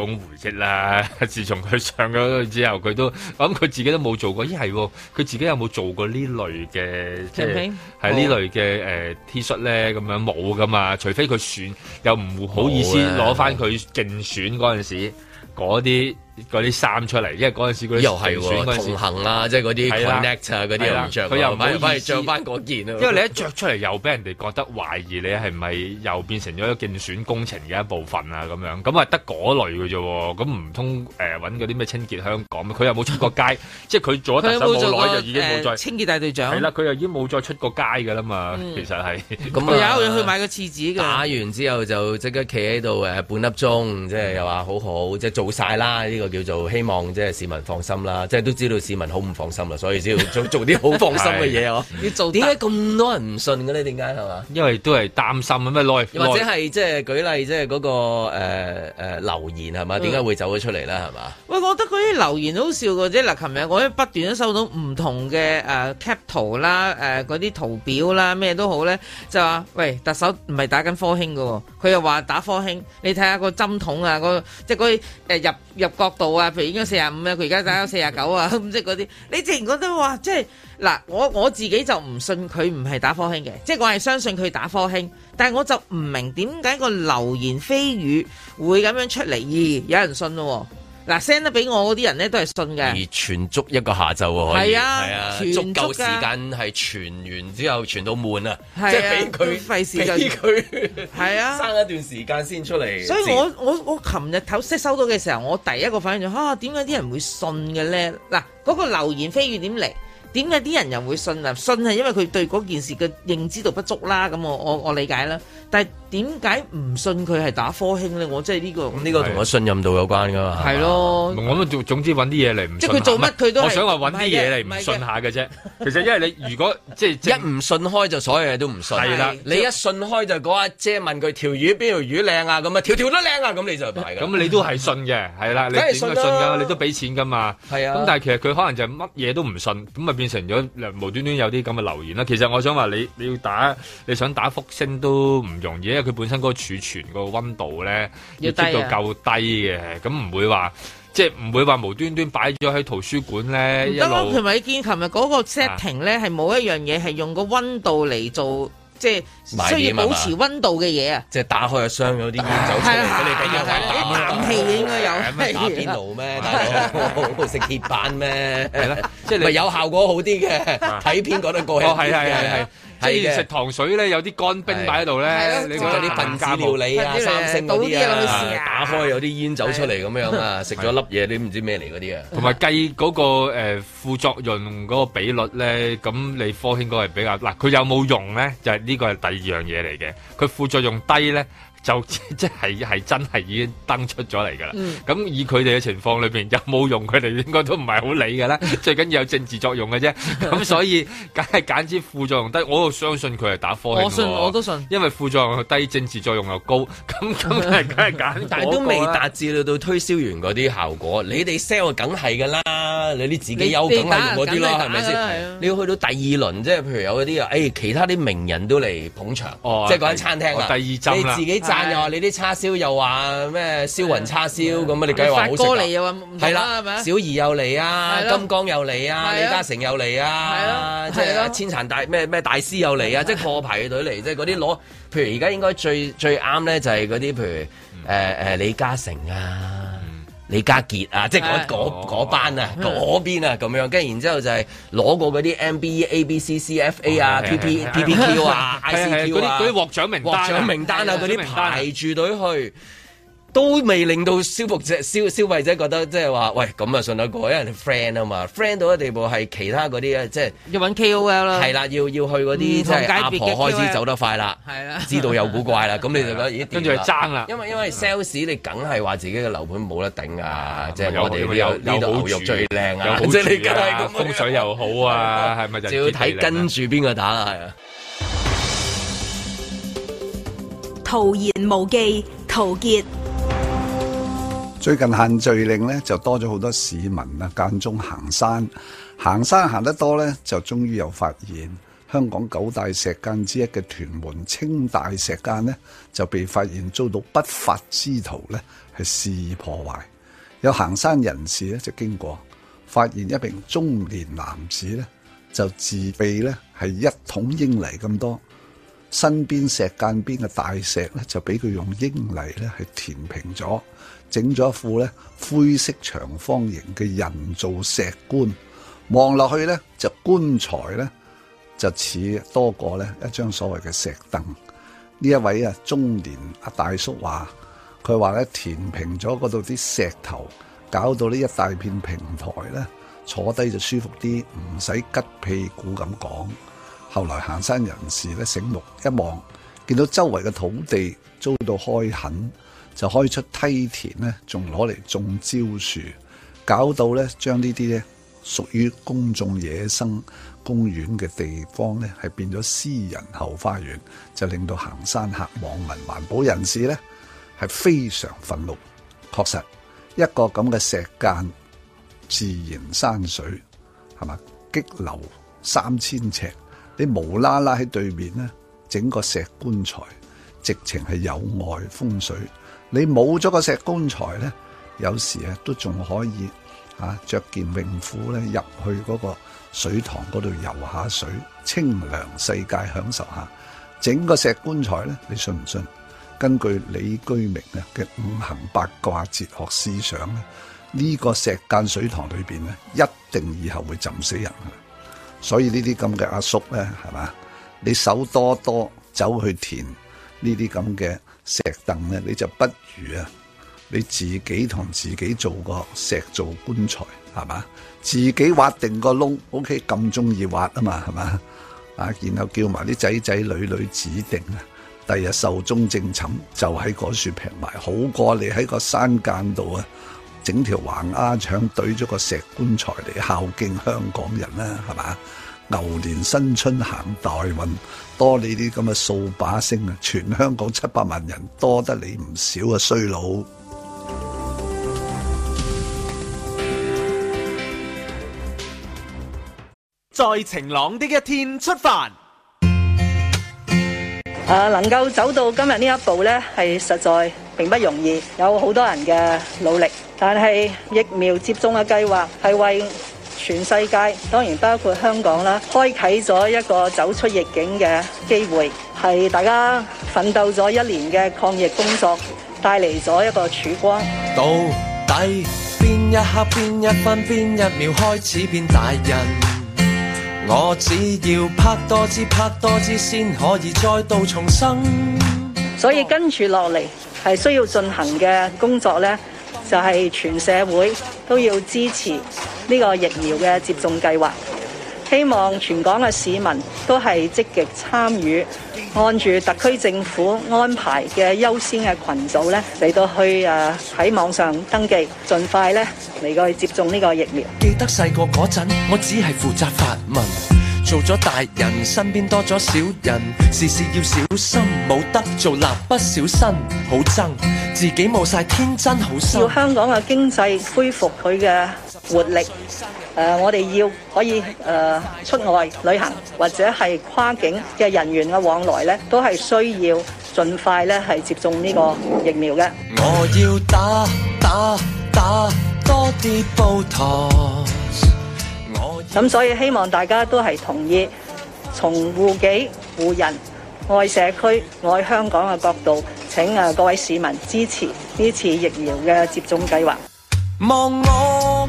嗰種回憶啦。自從佢上咗之後，佢都我諗佢自己都冇做過。咦，係喎，佢自己有冇做過類、呃 T、呢類嘅即係喺呢類嘅誒 T 恤咧？咁樣冇噶嘛，除非佢選又唔好意思攞翻佢競選嗰陣時嗰啲。嗰啲衫出嚟，因為嗰陣時啲又係喎、哦，同行啦、啊，即係嗰啲 connect 啊，嗰啲、啊啊啊、又佢又唔係翻著翻嗰件，因為你一著出嚟，又俾人哋覺得懷疑你係咪又變成咗一個競選工程嘅一部分啊？咁樣咁啊，得嗰類嘅啫。咁唔通誒搵嗰啲咩清潔香港佢又冇出過街， 即係佢做咗特首冇耐就已經冇再清潔大隊長。佢又、啊、已經冇再出過街㗎啦嘛。嗯、其實係有去買個廁紙打完之後就即刻企喺度半粒鐘，即係又話好好，即、就、係、是、做晒啦個叫做希望，即係市民放心啦，即係都知道市民好唔放心啦，所以先要做 做啲好放心嘅嘢哦， 要做點解咁多人唔信嘅咧？點解係嘛？因為都係擔心啊！咩內或者係即係舉例，即係嗰個誒誒留言係嘛？點解會走咗出嚟啦？係嘛？我覺得嗰啲留言好笑嘅啫。嗱，琴日我不斷都收到唔同嘅誒 cap 圖啦，誒嗰啲圖表啦，咩都好咧，就話喂特首唔係打緊科興喎。佢又話打科興。你睇下個針筒啊，嗰個即係嗰啲入入角度啊，譬如已經四廿五啦，佢而家打咗四廿九啊，咁即係嗰啲。你自然覺得話即係嗱，我我自己就唔信佢唔係打科興嘅，即係我係相信佢打科興，但係我就唔明點解個流言蜚語會咁樣出嚟？咦，有人信咯？嗱，send 得俾我嗰啲人咧，都係信嘅。而傳足一個下晝喎，係啊，係啊，足，啊足夠時間係傳完之後傳到滿啊，即係俾佢費事俾佢係啊，生一段時間先出嚟。所以我我我琴日頭識收到嘅時候，我第一個反應就啊，點解啲人會信嘅咧？嗱、啊，嗰、嗰個流言蜚語點嚟？點解啲人又會信啊？信係因為佢對嗰件事嘅認知度不足啦。咁我我我理解啦，但係。點解唔信佢係打科興咧？我即係呢個呢、呢個同我信任度有關噶嘛？係咯的。我啊吧，總之揾啲嘢嚟，唔即係佢做乜佢都係。我想話揾啲嘢嚟唔信下嘅啫。其實因為你如果即係 即一唔信開就所有嘢都唔信。係啦的。你一信開就講阿姐問佢條魚，邊條魚靚啊？咁啊條條都靚啊！咁你就係咁 你都係信嘅，係啦。梗係信啦，你都俾錢噶嘛。係啊的。咁但係其實佢可能就係乜嘢都唔信，咁啊變成咗無端端有啲咁嘅流言啦。其實我想話你，你要打你想打復星都唔容易。佢本身嗰個儲存個温度咧，要低到夠低嘅，咁唔會話即係唔會話無端端擺咗喺圖書館咧。啱啱同咪你見琴日嗰個 setting 咧係冇一樣嘢係用個温度嚟做，即係需要保持温度嘅嘢啊。即係打開個箱有啲煙酒出嚟，你譬如打冷氣嘅應該有，打邊爐咩？食鐵板咩？即咪有效果好啲嘅，睇片覺得過癮啲嘅。即係食糖水咧，有啲乾冰擺喺度咧，即係啲分子料理啊、三星嗰啲啊，啊打開有啲煙走出嚟咁的樣啊，食咗的粒嘢，的你唔知咩嚟嗰啲啊。同埋計嗰、那個、呃、副作用嗰個比率咧，咁你科興嗰係比較嗱，佢、啊、有冇用咧？就係、是、呢個係第二樣嘢嚟嘅，佢副作用低咧。就即係係真係已經登出咗嚟㗎啦。咁、嗯、以佢哋嘅情況裏面，有冇用佢哋應該都唔係好理㗎咧。最緊要有政治作用嘅啫。咁 所以梗係揀啲副作用低。我又相信佢係打科興。我信，我都信。因為副作用低，政治作用又高。咁咁係梗係揀。啊、但係都未達至到到推銷完嗰啲效果。你哋 sell 梗係㗎啦，你啲自己優梗係用嗰啲囉。係咪先？是是的你要去到第二輪，即係譬如有嗰啲啊，哎、其他啲名人都嚟捧場，哦、即係講餐廳、哎哎、第二針啦，你自己、哎。但又話你啲叉燒又話咩燒雲叉燒咁啊？你梗係話好食啦。發哥嚟又話唔啱，係咪？小儀又嚟啊，金剛又嚟啊，李嘉誠又嚟啊，係即係千層大咩咩大師又嚟啊！即係破牌嘅隊嚟，即係嗰啲攞，譬如而家應該最最啱咧，就係嗰啲譬如誒誒李嘉誠啊。李家傑啊，即係嗰嗰嗰班啊，嗰邊啊咁樣，跟住然之後就係攞過嗰啲 M B A B C C F A 啊，PPPPQ 啊，I C Q 啊，嗰啲嗰啲獲獎名獲獎名單啊，嗰啲排住隊去。都未令到消費者消消費者覺得即係話喂，咁啊信得過，因為你 friend 啊嘛，friend 到嘅地步係其他嗰啲咧，即係要揾 KOL 啦，係啦，要要去嗰啲即係阿婆開始走得快啦，係啦，知道有古怪啦，咁你就覺得跟住去爭啦，因為因為 sales 你梗係話自己嘅樓盤冇得頂啊，即係我哋呢度呢度牛肉最靚啊，即係你今日個風水又好啊，係咪就？要睇跟住邊個打啊？徒言無忌，陶傑。最近限聚令呢，就多咗好多市民啊，間中行山，行山行得多呢，就終於有發現，香港九大石澗之一嘅屯門青大石澗呢，就被發現遭到不法之徒呢係肆意破壞。有行山人士呢，就經過，發現一名中年男子呢，就自備呢係一桶英泥咁多，身邊石澗邊嘅大石呢，就俾佢用英泥呢係填平咗。整咗一副咧灰色長方形嘅人造石棺，望落去咧就棺材咧就似多過咧一張所謂嘅石凳。呢一位啊中年阿大叔話，佢話咧填平咗嗰度啲石頭，搞到呢一大片平台咧坐低就舒服啲，唔使拮屁股咁講。後來行山人士咧醒目一望，見到周圍嘅土地遭到開墾就開出梯田咧，仲攞嚟種蕉樹，搞到咧將呢啲咧屬於公眾野生公園嘅地方咧，係變咗私人後花園，就令到行山客、網民、環保人士咧係非常憤怒。確實一個咁嘅石澗自然山水係嘛？激流三千尺，你無啦啦喺對面咧整個石棺材，直情係有礙風水。你冇咗個石棺材咧，有時咧都仲可以啊著件泳褲咧入去嗰個水塘嗰度游下水，清涼世界享受下。整個石棺材咧，你信唔信？根據李居明啊嘅五行八卦哲學思想咧，呢個石間水塘裏邊咧一定以後會浸死人噶。所以呢啲咁嘅阿叔咧，係嘛？你手多多走去填呢啲咁嘅。石凳咧，你就不如啊！你自己同自己做個石造棺材，係嘛？自己挖定個窿，OK，咁中意挖啊嘛，係嘛？啊，然後叫埋啲仔仔女女指定啊，第日壽終正寢就喺嗰樹平埋，好過你喺個山間度啊，整條橫鴉腸懟咗個石棺材嚟孝敬香港人啦，係嘛？牛年新春行大運。多你啲咁嘅掃把星啊！全香港七百萬人多得你唔少嘅衰佬！在晴朗的一天出發。啊，能夠走到今日呢一步呢係實在並不容易，有好多人嘅努力。但係疫苗接種嘅計劃係為全世界當然包括香港啦，開啟咗一個走出逆境嘅機會，係大家奮鬥咗一年嘅抗疫工作帶嚟咗一個曙光。到底邊一刻、邊一分、邊一秒開始變大人？我只要拍多支、拍多支先可以再度重生。所以跟住落嚟係需要進行嘅工作呢，就係全社會都要支持。呢個疫苗嘅接種計劃，希望全港嘅市民都係積極參與，按住特區政府安排嘅優先嘅群組咧，嚟到去誒喺、啊、網上登記，盡快咧嚟到去接種呢個疫苗。記得細個嗰陣，我只係負責發問，做咗大人，身邊多咗小人，事事要小心，冇得做蠟筆小新，好憎，自己冇晒天真，好心要香港嘅經濟恢復佢嘅。活力，誒，我哋要可以誒出外旅行或者係跨境嘅人員嘅往來咧，都係需要盡快咧係接種呢個疫苗嘅。我要打打打多啲布枱。我咁所以希望大家都係同意，從護己、護人、愛社區、愛香港嘅角度，請啊各位市民支持呢次疫苗嘅接種計劃。望我。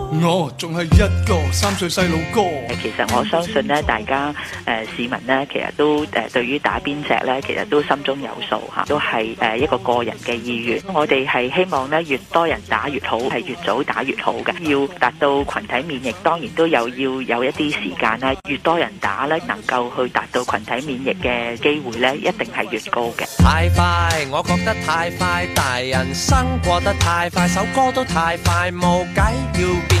我仲係一個三歲細路哥。誒，其實我相信咧，大家誒市民咧，其實都誒對於打邊隻咧，其實都心中有數吓，都係誒一個個人嘅意願。我哋係希望咧，越多人打越好，係越早打越好嘅。要達到群體免疫，當然都有要有一啲時間咧。越多人打咧，能夠去達到群體免疫嘅機會咧，一定係越高嘅。太快，我覺得太快，大人生過得太快，首歌都太快，冇計要變。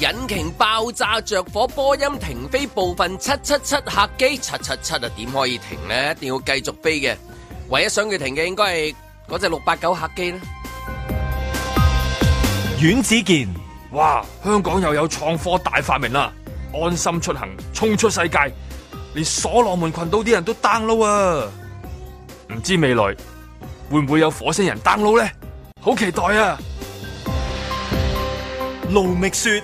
引擎爆炸着火，波音停飛部分七七七客機，七七七啊，點可以停呢？一定要繼續飛嘅。唯一想佢停嘅，應該係嗰隻六八九客機啦。阮子健，哇，香港又有創科大發明啦！安心出行，衝出世界，連所羅門群島啲人都 download 啊！唔知未來會唔會有火星人 download 呢？好期待啊！盧覓雪。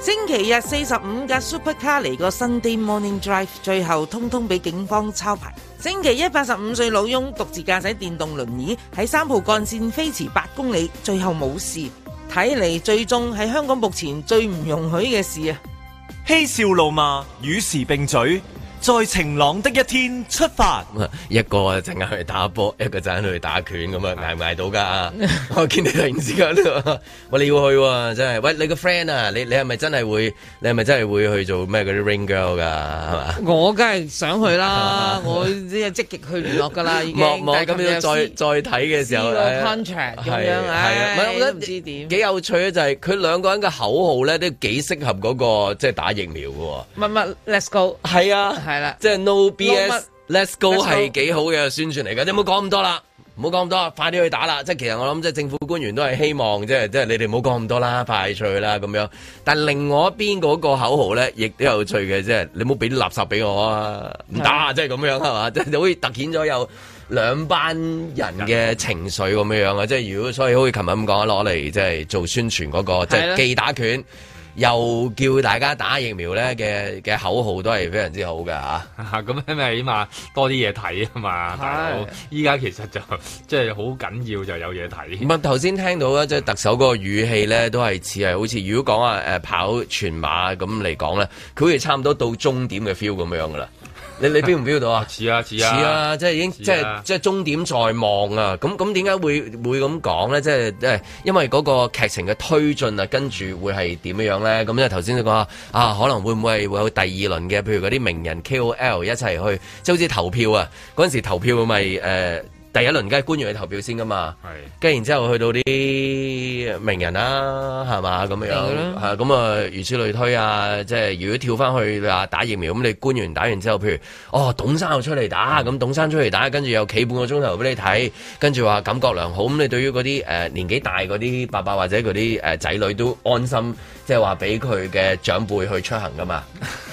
星期日四十五架 super car 嚟個 Sunday morning drive，最後通通俾警方抄牌。星期一八十五歲老翁獨自駕駛電動輪椅喺三號幹線飛馳八公里，最後冇事。睇嚟最終係香港目前最唔容許嘅事啊！嬉笑怒罵，與時並嘴。在晴朗的一天出發。一個陣間去打波，一個陣間去打拳咁啊，捱唔捱到噶？我見你突然之間，哇你要去真係？喂，你個 friend 啊？你你係咪真係會？你係咪真係會去做咩嗰啲 ring girl 噶？係嘛？我梗係想去啦，我啲積極去聯絡噶啦。莫莫咁要再再睇嘅時候。Contract 咁樣啊？唔知點幾有趣咧？就係佢兩個人嘅口號咧，都幾適合嗰個即係打疫苗嘅。乜乜？Let's go！係啊。係啦，即係 No BS，Let's Go 係幾好嘅宣傳嚟嘅。你唔好講咁多啦，唔好講咁多啊，快啲去打啦！即係其實我諗，即係政府官員都係希望，即係即係你哋唔好講咁多啦，快脆啦咁樣。但係另外一邊嗰個口號咧，亦都有趣嘅，即係 你唔好俾啲垃圾俾我啊，唔打，即係咁樣係嘛，即係好似突顯咗有兩班人嘅情緒咁樣樣啊！即係如果所以好似琴日咁講，攞嚟即係做宣傳嗰個，即係是的 既打拳。又叫大家打疫苗咧嘅嘅口號都係非常之好㗎。嚇咁樣咪起碼多啲嘢睇啊嘛！依家的其實就即係好緊要，就有嘢睇。唔係頭先聽到咧，即係特首嗰個語氣咧，都係似係好似，如果講話、呃、跑全馬咁嚟講咧，佢好似差唔多到終點嘅 feel 咁樣噶啦。你你標唔標到啊？似啊似啊！即係已經、啊、即係即係終點在望啊！咁咁點解會會咁講咧？即係即係因為嗰個劇情嘅推進啊，跟住會係點樣樣咧？咁即係頭先你講啊，啊可能會唔會係會有第二輪嘅？譬如嗰啲名人 KOL 一齊去，即係好似投票啊！嗰陣時投票咪誒。嗯呃第一輪梗係官員去投票先噶嘛，跟是然之後去到啲名人啦、啊，係嘛咁樣，咁啊，如此類推啊。即係如果跳翻去打疫苗，咁你官員打完之後，譬如哦董生又出嚟打，咁是董生出嚟打，跟住又企半個鐘頭俾你睇，跟住話感覺良好，咁你對於嗰啲年紀大嗰啲伯伯或者嗰啲仔女都安心。即係話俾佢嘅長輩去出行㗎嘛，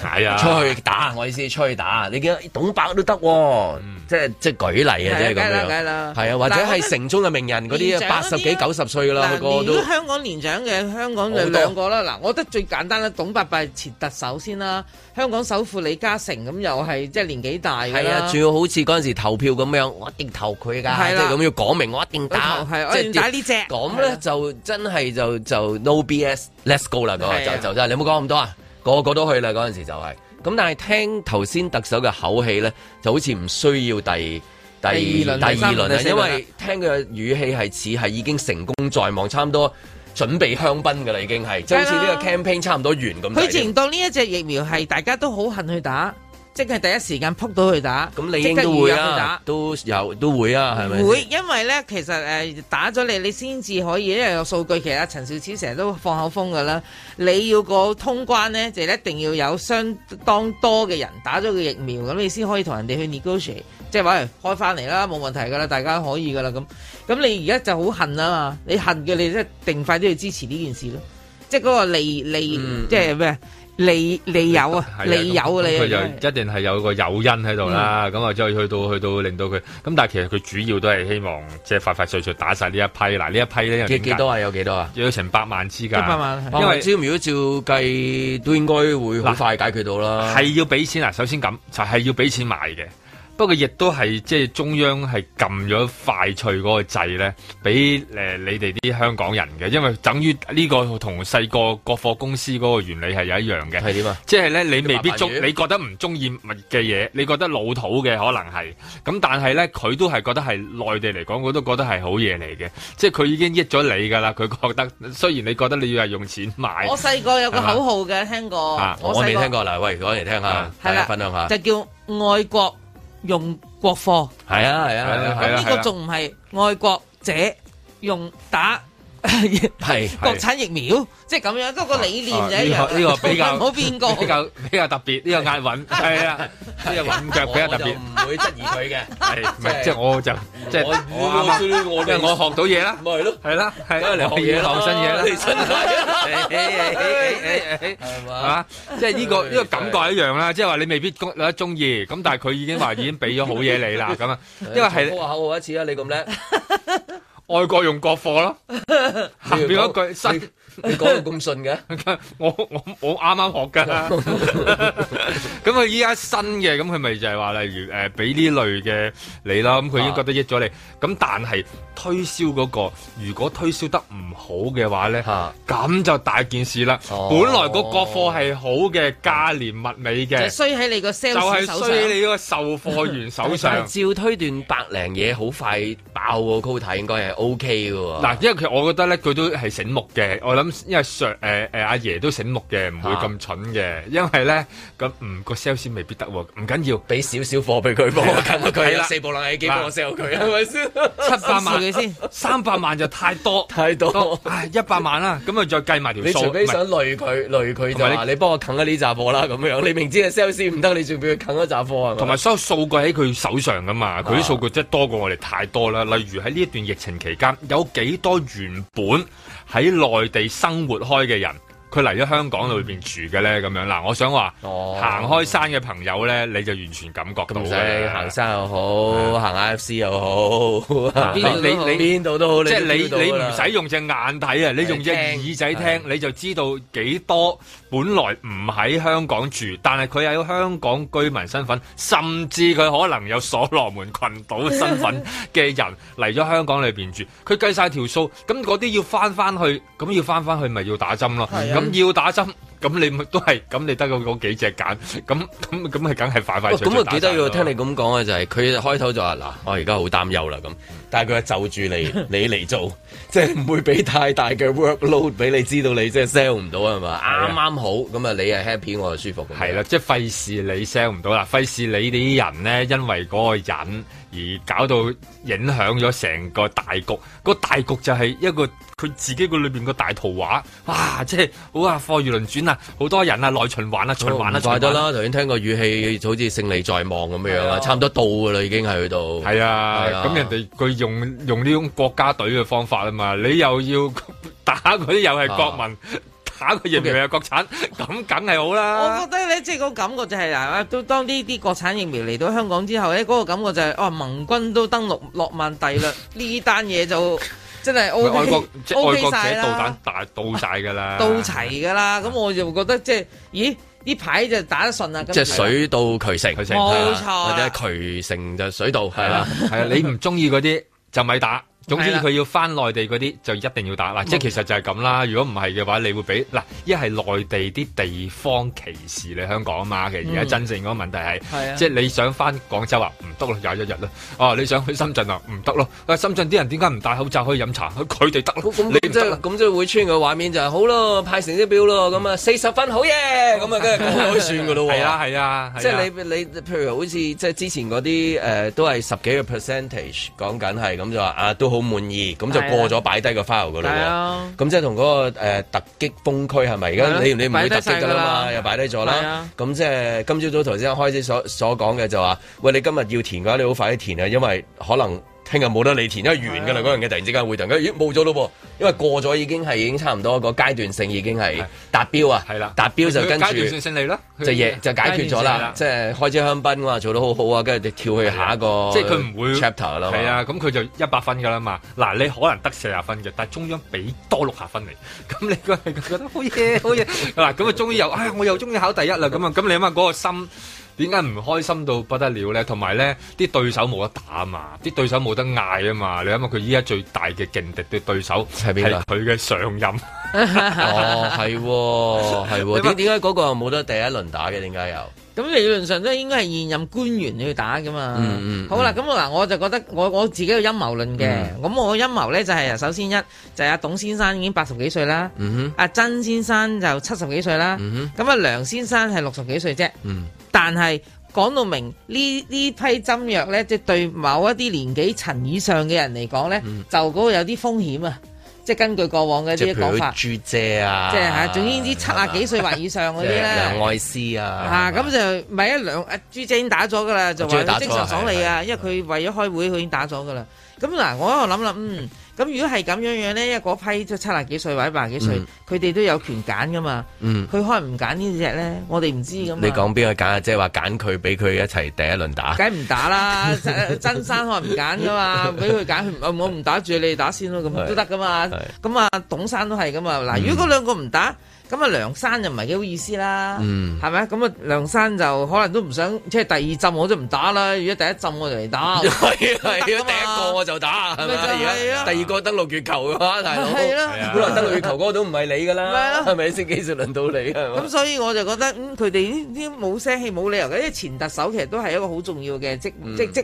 係啊，出去打我意思，出去打你見董伯都得，即係即係舉例啊，即係咁樣，係啊，或者係城中嘅名人嗰啲八十幾九十歲啦，個都香港年長嘅香港兩兩個啦，嗱，我覺得最簡單啦，董伯伯前特首先啦，香港首富李嘉誠咁又係即係年紀大㗎啊，仲要好似嗰陣時投票咁樣，我一定投佢㗎，係咁要講明，我一定打，即係打呢隻，咁咧就真係就就 no BS，let's go。啦，就就真係你冇講咁多啊！個，個個都去啦，嗰陣時就係、是，咁但係聽頭先特首嘅口氣咧，就好似唔需要第第二第二輪啊，因為聽佢嘅語氣係似係已經成功在望，差唔多準備香檳㗎喇，已經係即係好似呢個 campaign 差唔多完咁。佢自然當呢一隻疫苗係大家都好恨去打。即係第一時間撲到去打，咁你應都會啦，都有都會啊，係咪？會，啊、是是會，因為咧，其實打咗你，你先至可以，因為有數據。其實陳肇始成日都放口風噶啦，你要個通關咧，就一定要有相當多嘅人打咗個疫苗，咁你先可以同人哋去 negotiate，即係話開翻嚟啦，冇問題噶啦，大家可以噶啦咁。咁你而家就好恨啊嘛，你恨嘅你即係定快啲去支持呢件事咯，即係嗰個利利，嗯、即係咩？利利有啊，利有啊，你佢就一定係有個誘因喺度啦。咁啊、嗯，再去到去到令到佢咁，但係其實佢主要都係希望即係快快脆脆打晒呢一批。嗱，呢一批咧，幾幾多啊？有幾多啊？要有成百萬之間，百萬因為只要如果照計，都應該會好快解決到啦。係要俾錢啊！首先咁就係、是、要俾錢買嘅。不過亦都係即係中央係撳咗快脆嗰個掣咧，俾誒、呃、你哋啲香港人嘅，因為等於呢個同細個國貨公司嗰個原理係有一樣嘅。係點啊？即係咧，你未必中，你，你覺得唔中意嘅嘢，你覺得老土嘅可能係。咁、嗯、但係咧，佢都係覺得係內地嚟講，我都覺得係好嘢嚟嘅。即係佢已經益咗你噶啦，佢覺得雖然你覺得你要係用錢買，我細個有個口號嘅，嗎聽過。啊、我未聽過。嗱，喂，講嚟聽下，係啦、啊，分享下，就叫愛國。用國貨，係啊係啊，係啊係啊，呢個仲唔係愛國者用打？係國產疫苗，即係咁樣，不過個理念就一樣。呢個比較冇變過，比較比較特別，呢個押韻係啊，呢個韻腳比較特別。我就唔會質疑佢嘅，即係我就即係我，因為我學到嘢啦，係咯，係啦，係學嘢，學新嘢啦。啊，即係呢個呢個感覺一樣啦，即係話你未必你中意，咁但係佢已經話已經俾咗好嘢你啦，咁啊，因為係我考我一次啊，你咁叻。愛國用國貨咯，下面一句新。你講到咁順嘅，我我我啱啱學噶啦。咁佢依家新嘅，咁佢咪就係話，例如誒俾呢類嘅你啦。咁佢已經覺得益咗你。咁但係推銷嗰、那個，如果推銷得唔好嘅話咧，咁就大件事啦。哦、本來個國貨係好嘅，價廉物美嘅，衰喺你個 sales 衰喺你個售貨員手上。 就照推斷百零嘢，好快爆個 quota 應該係 O K 嘅喎。嗱，因為其實我覺得咧，佢都係醒目嘅。我諗。因為 sir 誒誒阿爺都醒目嘅，唔會咁蠢嘅。因為咧，咁唔個 sales 未必得，唔緊要，俾少少貨俾佢，幫我啃咗佢。係啦，四部輪係幾我 sell 佢，係咪先？七百萬先，三百萬就太多，太多。唉，一百萬啦，咁啊再計埋條數。你除非想累佢，累佢就話你幫我啃咗呢紮貨啦，咁樣。你明知個 sales 唔得，你仲俾佢啃一扎貨啊？同埋所有數據喺佢手上噶嘛，佢啲數據真係多過我哋太多啦。例如喺呢一段疫情期間，有幾多原本？喺內地生活開嘅人。佢嚟咗香港裏面住嘅咧，咁樣嗱，我想話行開山嘅朋友咧，你就完全感覺到嘅。行山又好，行 IFC 又好，邊度都好，即係你你唔使用隻眼睇啊，你用隻耳仔聽，你就知道幾多本來唔喺香港住，但係佢喺香港居民身份，甚至佢可能有所羅門群島身份嘅人嚟咗香港裏面住，佢計晒條數，咁嗰啲要翻翻去，咁要翻翻去咪要打針咯。要打針。咁你咪都係咁、 啊，你得嗰幾隻揀，咁咁咁咪梗係快快。咁我記得要聽你咁講嘅就係，佢開頭就話嗱，我而家好擔憂啦咁，但係佢就住你你嚟做，即係唔會俾太大嘅 workload 俾你知道你，你即係 sell 唔到係嘛，啱啱 好咁啊，是的 你係 happy，我就舒服。係啦吧，即係費事你 sell 唔到啦，費事你啲人呢，因為嗰個人而搞到影響咗成個大局。個大局就係一個佢自己個裏邊個大圖畫，哇，即、就、係、是、哇，貨如輪轉啊！好多人啊，內循環啊，循環啊，再環得啦！頭先、啊、聽個語氣，好似勝利在望咁樣樣啊，啊差唔多到噶啦，已經喺佢度。係啊，咁、啊、人哋佢用用呢種國家隊嘅方法啊嘛，你又要打佢啲又係國民，啊、打佢疫苗又係國產，咁梗係好啦。我覺得咧，即係個感覺就係、是、嗱，都當呢啲國產疫苗嚟到香港之後咧，嗰、那個感覺就係、是，哦，盟軍都登陸諾曼第啦，呢單嘢就。真係 OK 到晒㗎啦，到齊噶啦，咁、啊、我就覺得即係，咦？呢排就打得順啊，即係水到渠成，冇錯成，錯或者渠成就水到。係啦，係啊，你唔中意嗰啲就咪打。總之佢要翻內地嗰啲就一定要打啦，嗯、即係其實就係咁啦。如果唔係嘅話，你會俾嗱一係內地啲地方歧視你香港啊嘛，其實而家真正嗰個問題係，嗯、即係你想翻廣州啦啦啊，唔得咯，廿一日咯。哦，你想去深圳啦啊，唔得咯。深圳啲人點解唔戴口罩可以飲茶？佢哋得咯。咁那你即係咁即係會出現個畫面就係、是、好咯，派成績表咯，咁啊四十分好嘢，咁啊跟住咁樣就就算噶咯。係啊係啊，啊啊啊即係你，你譬如好似即係之前嗰啲誒都係十幾個 percentage 講緊係咁就話啊都。好滿意咁就過咗擺低、啊個 file 噶啦喎。咁即係同嗰個誒突擊封區係咪？而家你你唔會突擊㗎啦嘛，又擺低咗啦。咁、啊、即係今朝早頭先開始所所講嘅就話、是，喂，你今日要填嘅話，你好快啲填啊，因為可能。聽日冇得你填，因為完噶啦嗰樣嘢，突然之間會停，咦冇咗咯噃，因為過咗已經係已經差唔多，個階段性已經係達標啊，啦達標就跟住階段性勝利咯，就亦就解決咗啦，即係開支香檳啊做得好好啊，跟住你跳去下一個即係佢唔會 chapter 咯，係啊，咁佢就一百分噶啦嘛，嗱你可能得四廿分嘅，但係中央俾多六廿分你，咁你個係覺得好嘢好嘢，嗱咁啊終於又、哎、我又終於考第一啦，咁啊咁你諗下嗰個心。點解唔開心到不得了咧？同埋咧，啲對手冇得打嘛，啲對手冇得嗌啊嘛！你諗下佢依家最大嘅勁敵嘅對手係佢嘅上任， 哦，係喎、哦，係喎、哦，點點解嗰個冇得第一輪打嘅？點解又？咁理論上都應該係現任官員去打㗎嘛。嗯嗯、好啦，咁嗱，我就覺得我我自己有陰謀論嘅。咁、嗯、我陰謀咧就係啊，首先一就阿、是、董先生已經八十幾歲啦，阿曾、嗯哼啊、先生就七十幾歲啦，咁阿、嗯哼啊、梁先生係六十幾歲啫。嗯、但係講到明呢呢批針藥咧，即、就、係、是、對某一啲年紀層以上嘅人嚟講咧，嗯、就嗰個有啲風險啊。即係根據過往嗰啲講法，住姐啊，即係總之七啊幾歲或以上嗰啲咧，啊，咁就咪一兩，住姐已經打咗噶啦，就話精神爽利啊，因為佢為咗開會，佢已經打咗噶啦，咁嗱，我喺度諗啦，嗯。 咁如果係咁樣樣咧，一嗰批即七十幾歲或者八十幾歲，佢哋、嗯、都有權揀噶嘛。嗯，佢可能唔揀呢隻咧，我哋唔知咁。你講邊個揀啊？即係話揀佢，俾佢一齊第一輪打。梗唔打啦， 真山可能唔揀噶嘛，俾佢揀，我唔打住，你打先咯，咁是都得噶嘛。咁啊是，董生都係噶嘛。嗱，如果嗰兩個唔打。咁啊，梁生就唔係幾好意思啦，係咪？咁啊，梁生就可能都唔想，即係第二浸我都唔打啦。如果第一浸我就嚟打，如果第一個我就打，係咪？第二個登陸月球嘅話，大佬好耐登陸月球嗰個都唔係你㗎啦，係咪先？幾時輪到你？咁所以我就覺得，佢哋呢啲冇聲氣、冇理由嘅，因為前特首其實都係一個好重要嘅職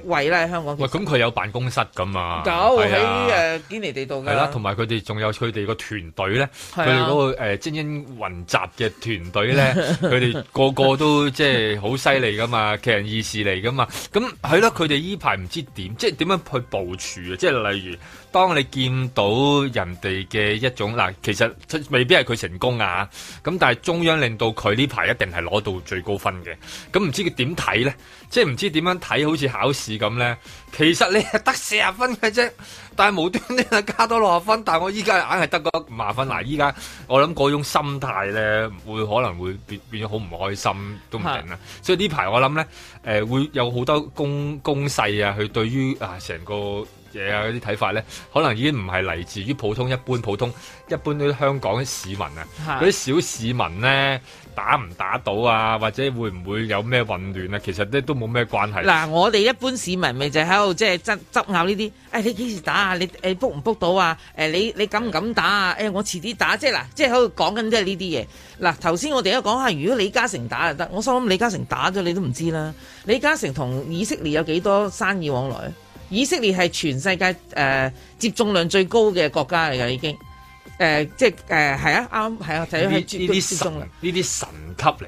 位啦，喺香港喂，咁佢有辦公室㗎嘛？有喺誒堅尼地道嘅係啦，同埋佢哋仲有佢哋個團隊咧，佢哋嗰個精英。雲集嘅團隊咧，佢哋 個個都即係好犀利噶嘛，奇人異士嚟噶嘛，咁係咯，佢哋依排唔知點，即係點樣去部署啊？即係例如。當你見到人哋嘅一種嗱，其實未必係佢成功啊，咁但係中央令到佢呢排一定係攞到最高分嘅，咁唔知佢點睇咧？即係唔知點樣睇，好似考試咁咧。其實你係得四十分嘅啫，但係無端端加多六十分，但係我依家硬係得個五十分。嗱，依家我諗嗰種心態咧，會可能會變變咗好唔開心都唔定啦。 所以呢排我諗咧，誒、呃、會有好多攻攻勢啊，佢對於啊成個。嘢啊！嗰啲睇法咧，可能已經唔係嚟自於普通一般普通一般啲香港市民啊，嗰啲是小市民咧打唔打到啊，或者會唔會有咩混亂啊？其實咧都冇咩關係。嗱，我哋一般市民咪就喺度即係執執，執拗呢啲，誒、哎、你幾時打啊？你誒卜唔卜到啊？你你敢唔敢打啊？誒、哎、我遲啲打、啊，即係嗱，即係喺度講緊即係呢啲嘢。嗱，頭先我哋都講下，如果李嘉誠打就得，我心諗李嘉誠打咗你都唔知啦。李嘉誠同以色列有幾多生意往來？以色列係全世界誒、呃、接種量最高嘅國家嚟㗎已經，誒、呃、即係誒係啊啱係啊，睇到呢啲神級嚟，呢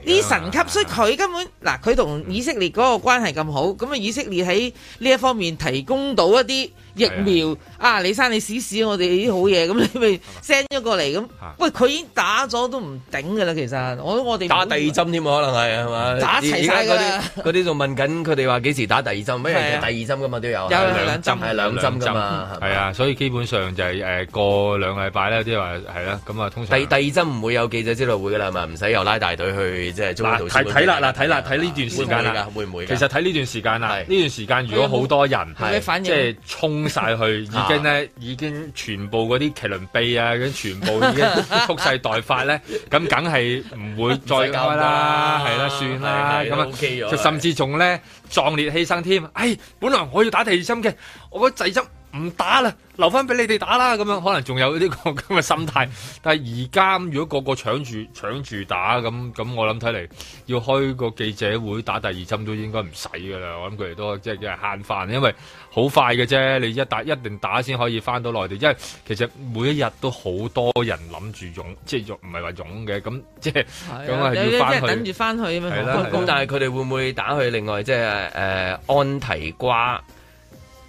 啲神級。所以佢根本嗱，佢同以色列嗰個關係咁好，咁啊以色列喺呢一方面提供到一啲。疫苗啊，李生你試試我哋啲好嘢，咁你咪 send 咗過嚟咁。喂，佢已經打咗都唔頂㗎啦，其實我我哋打第二針添，可能係係嘛？打齊曬啲，嗰啲仲問緊，佢哋話幾時打第二針？因為第二針㗎嘛，都有有兩針係兩針㗎嘛，係啊。所以基本上就係誒過兩禮拜咧，即係話係啦，咁啊通常第第二針唔會有記者招待會㗎啦，係咪？唔使又拉大隊去即係中隊睇睇啦，嗱睇啦，睇呢段時間啦，會唔會？其實睇呢段時間啦，呢段時間如果好多人反應即係衝。晒去 已經咧，已經全部嗰啲麒麟臂啊，已經全部已經蓄勢待發咧，咁梗係唔會再搞啦，係啦，算啦，咁啊，就甚至仲咧壯烈犧牲添。唉、哎，本來我要打地針嘅，我個地針。唔打啦，留翻俾你哋打啦，咁樣可能仲有呢個咁嘅心態。但係而家如果個個搶住搶住打咁，咁我諗睇嚟，要開個記者會打第二針都應該唔使噶啦。我諗佢哋都即係即係慳翻，因為好快嘅啫。你一打一定打先可以翻到內地，因為其實每一日都好多人諗住湧，即係唔係話湧嘅咁，即係咁、啊、要翻去。即等住翻去啊嘛。咁、啊啊、但係佢哋會唔會打去另外即係誒、呃、安提瓜？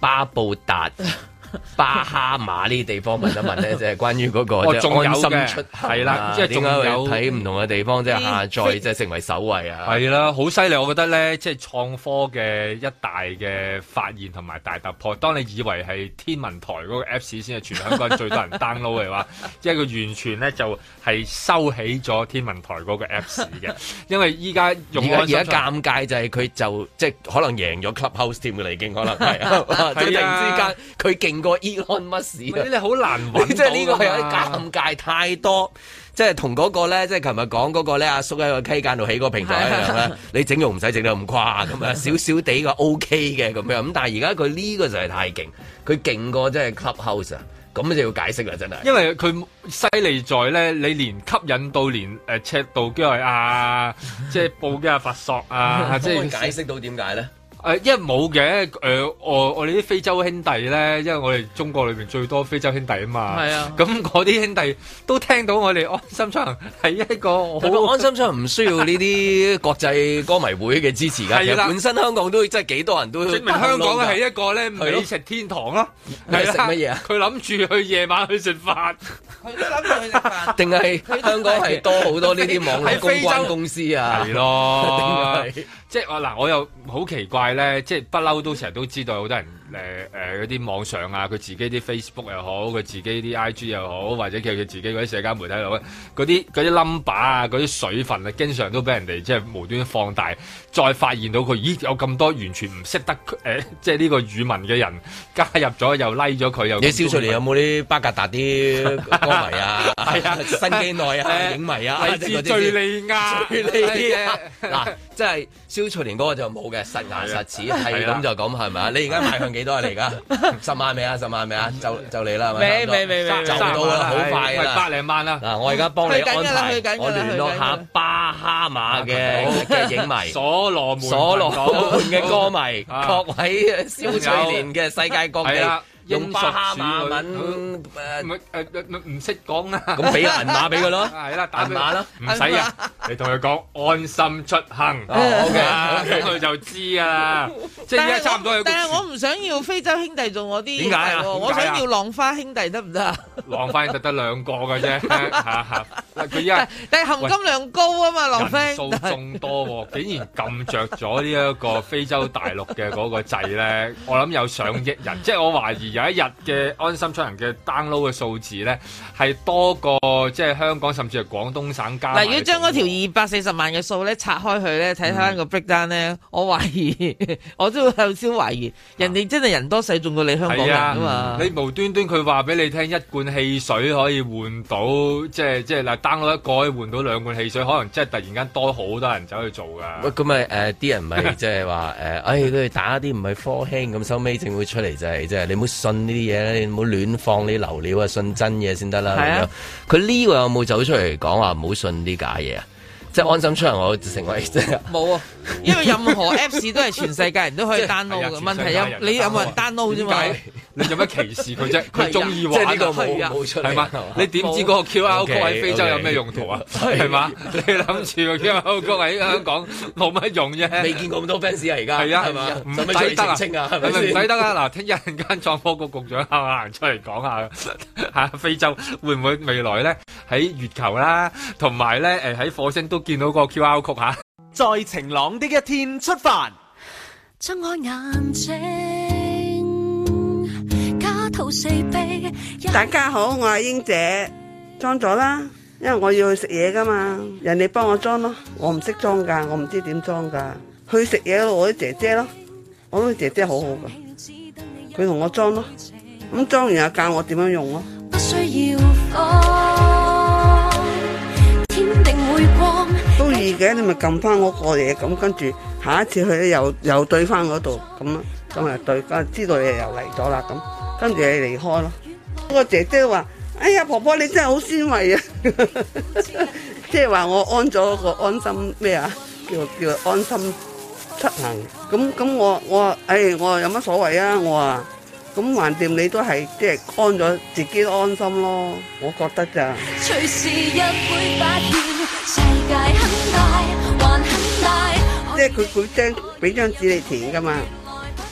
巴布達。巴哈馬呢啲地方問一問咧，即係關於嗰個安心出行啊，即係仲有會喺唔同嘅地方即係下載即係成為首位啊？係啦，好犀利！我覺得咧，即係創科嘅一大嘅發現同埋大突破。當你以為係天文台嗰個 Apps 先係全香港最多人 download 嘅話，即係佢完全咧就係收起咗天文台嗰個 Apps 嘅，因為依家用而家尷尬就係佢就即係可能贏咗 Clubhouse 添嘅嚟，已經可能係的 突然之間佢勁。個伊隆乜事？你好難搵，即係呢個係有啲尷尬太多，即係同嗰個咧，即係琴日講嗰個咧，阿叔喺個溪間度起個平台， 你整容唔使整到咁誇咁啊，少少地個 O K 嘅咁樣，咁但係而家佢呢個就係太勁，佢勁過即係 Clubhouse 啊，咁就要解釋啦，真係。因為佢犀利在咧，你連吸引到連誒赤道叫啊，即係報嘅阿佛索啊，可唔可以解釋到點解咧？誒，因為冇嘅，誒，我我哋啲非洲兄弟咧，因為我哋中國裏邊最多非洲兄弟啊嘛，咁嗰啲兄弟都聽到我哋安心出行，係一個安心出行唔需要呢啲國際歌迷會嘅支持噶，其實本身香港都真係幾多人都證明香港係一個咧美食天堂咯，係食乜嘢啊？佢諗住去夜晚去食飯，佢都諗住去食飯，定係喺香港係多好多呢啲網絡公關公司啊？係咯。即係我嗱，我又好奇怪咧，即係不嬲都成日都知道有好多人。誒誒嗰啲網上啊，佢自己啲 Facebook 又好，佢自己啲 IG 又好，或者其實佢自己嗰啲社交媒體度嗰啲嗰啲 number 啊，嗰啲水分啊經常都俾人哋即係無端放大，再發現到佢咦有咁多完全唔識得、呃、即係呢個語文嘅人加入咗，又拉咗佢又。啲肖楚年有冇啲巴格達啲歌迷啊？係 啊，新幾內亞，啊影迷啊，或者嗰啲敘利亞。嗱，即係肖楚年嗰個就冇嘅，實牙實齒係咁就咁係咪啊？你而家邁向幾？都係嚟噶，十萬未啊？十萬未啊？就就嚟啦，係咪？未未未未，就到啦，好快啦，百零萬啦。嗱，我而家幫你安排，我哋聯絡下巴哈馬嘅嘅影迷，所羅門，所羅門嘅歌迷，各位肖翠蓮嘅世界各地。用巴馬文，唔係誒誒唔識講啊！咁俾銀碼俾佢咯，係啦，打碼咯，唔使啊！你同佢講安心出行，OK 啦，佢就知噶啦。即係而家差唔多。但係我唔想要非洲兄弟做我啲，點解啊？我想要浪花兄弟得唔得啊？浪花就得兩個㗎啫，嚇嚇。佢依家但係含金量高啊嘛，浪花人數眾多喎，竟然撳著咗呢一個非洲大陸嘅嗰個掣咧，我諗有上億人，即係我懷疑。有一日嘅安心出行嘅 download 嘅數字咧，係多過即係香港甚至係廣東省加。嗱，如果將嗰條二百四十萬嘅數咧拆開去咧，睇翻個 breakdown 咧，嗯、我懷疑，我都有少懷疑，人哋真係人多勢眾過你香港人嘛啊嘛！你無端端佢話俾你聽一罐汽水可以換到，即係即係嗱 download 一個可以換到兩罐汽水，可能真係突然間多好多人走去做㗎。喂，咁咪啲人咪即係話誒，哎，佢哋打啲唔係科興咁，收尾整會出嚟就係即係你冇。信呢啲嘢咧，你唔好亂放啲流料啊！信真嘢先得啦。係啊，佢呢個有冇走出嚟講，話唔好信啲假嘢啊？即係安心出行，我成為即係冇啊！因為任何 Apps 都係全世界人都可以 download 嘅問題，有你有冇人 download 啫嘛？你做乜歧視佢啫？佢中意玩，即係呢個冇錯，係嘛？你點知嗰個 QR code 喺非洲有咩用途啊？係嘛？你諗住 QR code 喺香港冇乜用啫？未見過咁多 fans 啊！而家係啊，係嘛？唔使得啊！唔使得啊！嗱，聽日創科局局長行唔行出嚟講下嚇？非洲會唔會未來咧喺月球啦，同埋咧誒喺火星都？見到個 QR 曲吓，在晴朗的一天出發行，大家好，我係英姐，裝咗啦，因為我要去食嘢噶嘛，人哋幫我裝咯，我唔識裝噶，我唔知點裝噶去食嘢咯，我啲姐姐咯，我啲姐姐好好噶，佢同我裝咯，咁裝完又教我點樣用咯。都易嘅，你咪撳翻我過嘢。咁，跟住下一次去咧又又對翻嗰度咁，咁啊對，知道你又嚟咗啦，咁跟住你離開咯。那個姐姐話：哎呀，婆婆你真係好欣慰啊！即係話我安咗個安心咩啊？叫叫安心出行。咁咁我我誒、哎，我有乜所謂啊？我啊。咁橫掂你都係即係安咗，自己都安心咯，我覺得咋？即係佢會將俾張紙你填噶嘛？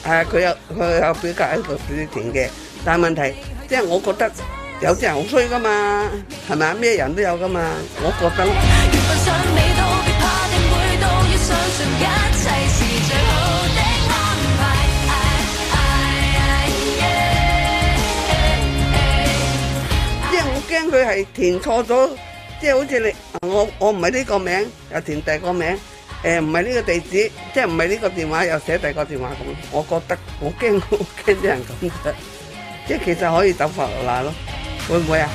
係啊，佢有佢有表格喺度俾你填嘅。但問題，即係我覺得有啲人好衰噶嘛，係咪啊？咩人都有噶嘛，我覺得。驚佢係填錯咗，即係好似你我我唔係呢個名，又填第二個名，誒，唔係呢個地址，即係唔係呢個電話，又寫第二個電話咁，我覺得我驚我驚啲人咁嘅，即係其實可以走法律咯，會唔會啊？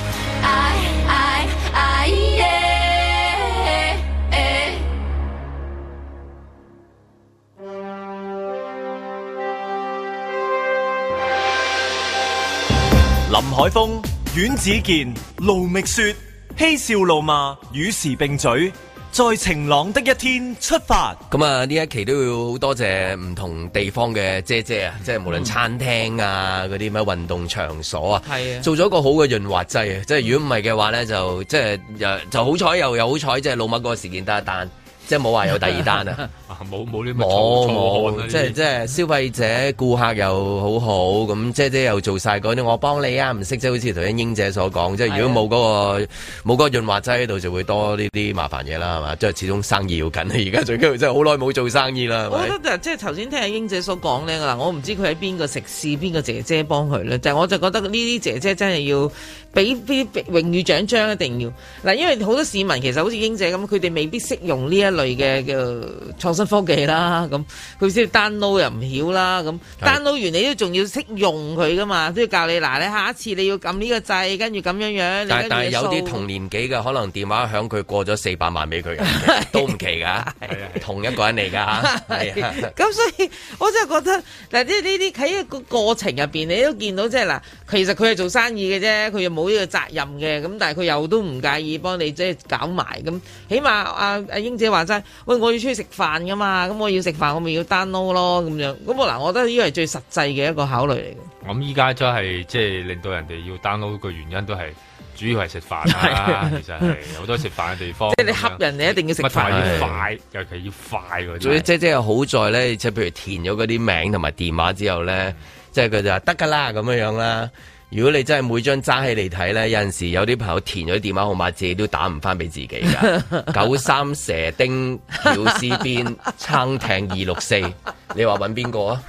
林海峰。阮子健路覓雪，嬉笑怒罵，與時並嘴，在晴朗的一天出發。咁啊，呢一期都要好多謝唔同地方嘅姐姐、嗯、啊，即係無論餐廳啊，嗰啲咩運動場所啊，的做咗個好嘅潤滑劑啊！即係如果唔係嘅話咧，就即係又就好彩，又有好彩，即係老麥嗰個事件得一單。 即係冇話有第二單啊！冇冇啲冇冇，即係即係消費者顧客又好好咁，即係即係又做晒嗰啲，我幫你啊，唔識，即係好似頭先英姐所講，即係如果冇嗰、個冇嗰是、啊、個潤滑劑喺度，就會多呢啲麻煩嘢啦，係嘛，即係始終生意要緊啊，而家最緊要真係好耐冇做生意啦。我覺得即係頭先聽阿英姐所講咧，嗱，我唔知佢喺邊個食肆邊個姐姐幫佢咧，但係我就覺得呢啲姐姐真係要。俾啲榮譽獎章一定要嗱，因為好多市民其實好似英姐咁，佢哋未必識用呢一類嘅嘅創新科技啦，咁佢要 download 又唔曉啦，咁 download 完你都仲要識用佢噶嘛，是都要教你嗱，你下一次你要撳呢個掣，跟住咁樣樣，樣但係有啲同年紀嘅可能電話響佢過咗四百萬俾佢，的都唔奇噶，同一個人嚟㗎，咁所以我真係覺得嗱，即係呢啲喺個個過程入邊，你都見到即係嗱，其實佢係做生意嘅啫，佢冇呢個責任嘅，咁但係佢又都唔介意幫你即係搞埋，咁起碼阿、啊、阿英姐話齋，喂，我要出去食飯噶嘛，咁我要食飯，我咪要 download 咯咁樣，咁我嗱，我覺得呢個係最實際嘅一個考慮嚟嘅。咁依、即係即係、家都係即係令到人哋要 download 個原因都，都係主要係食飯啦， 其實係好多食飯嘅地方。即係 你恰人，哋一定要食飯，要快，唉尤其要快嗰啲。即係即係好在咧，即係譬如填咗嗰啲名同埋電話之後咧，即係佢就話得噶啦，咁樣樣啦。如果你真係每張揸起嚟睇呢，有陣時有啲朋友填咗電話號碼，自己都打唔翻俾自己㗎。 九三蛇丁屌絲邊，撐艇二六四，你話揾邊個啊？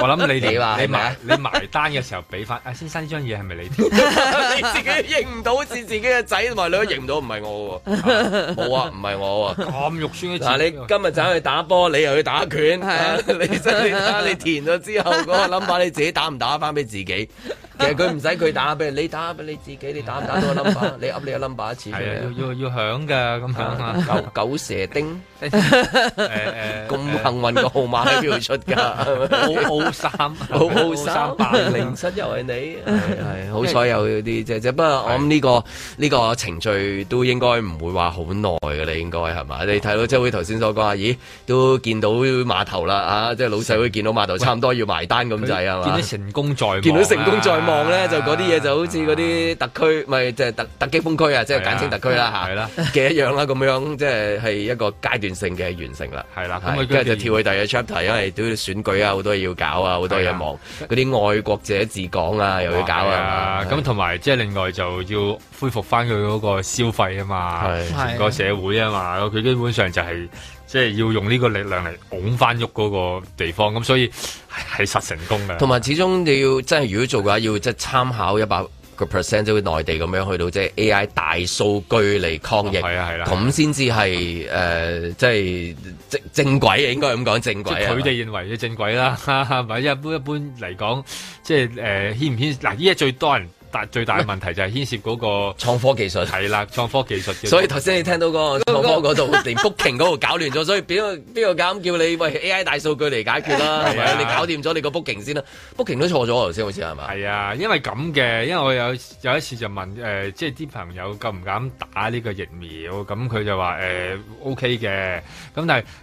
我諗你哋話，你埋你埋單嘅時候俾翻啊，先生，呢張嘢係咪你？你自己認唔到是自己嘅仔同埋女，都認唔到唔係我嘅喎。冇啊，唔係我啊，咁肉酸嗱。你今日走去打波，你又去打拳，你真係你填咗之後嗰個 number 你自己打唔打翻俾自己？其實佢唔使佢打，俾你打俾你自己，你打唔打到個 number？你噏你個 number 一次，係啊，要要要響噶咁樣啊！狗狗蛇丁，咁幸運嘅號碼喺邊度出噶？好好。三好三八零七又係你，係好彩有啲啫啫，不過我諗呢個呢個程序都應該唔會話好耐嘅，你應該係嘛？你睇到即係會頭先所講啊，咦都見到碼頭啦啊，即係老細會見到碼頭，差唔多要埋單咁滯啊嘛！見到成功在見到成功在望咧，就嗰啲嘢就好似嗰啲特區，咪即係特特激風區啊，即係簡稱特區啦吓，係啦嘅一樣啦，咁樣即係係一個階段性嘅完成啦，係啦，跟住就跳去第二個 chapter，因為都要選舉啊，好多嘢要搞。搞啊，好多嘢忙，嗰啲的愛國者治港啊，哇又要搞啊，咁同埋即係另外就要恢復翻佢嗰個消費啊嘛，係成的個社會啊嘛，佢的基本上就係即係要用呢個力量嚟拱翻喐嗰個地方，咁所以係實成功嘅。同埋始終你要真係如果做嘅話，的要即係參考一百。個 percent 即會內地咁樣去到即係 AI 大數據嚟抗疫，係係、哦、啊咁先至係誒即係正正軌應該咁講正軌，佢哋認為嘅正軌啦，嚇嚇、嗯，或者 一般一般嚟講，即係誒、呃、牽唔牽？嗱，依家最多人。但最大嘅問題就係牽涉嗰個創科技術係啦麼，了創科技術、那個。所以頭先你聽到個創科嗰度，連 booking 嗰度搞亂咗， 所以邊個邊個敢叫你喂 AI 大數據嚟解決啦、啊？係咪、啊？你搞掂咗你個 booking 先啦、啊、 ，booking 都錯咗，頭先好似係咪？係啊，因為咁嘅，因為我有有一次就問誒、呃，即係啲朋友敢唔敢打呢個疫苗，咁、嗯、佢就話誒、呃、OK 嘅，咁但係。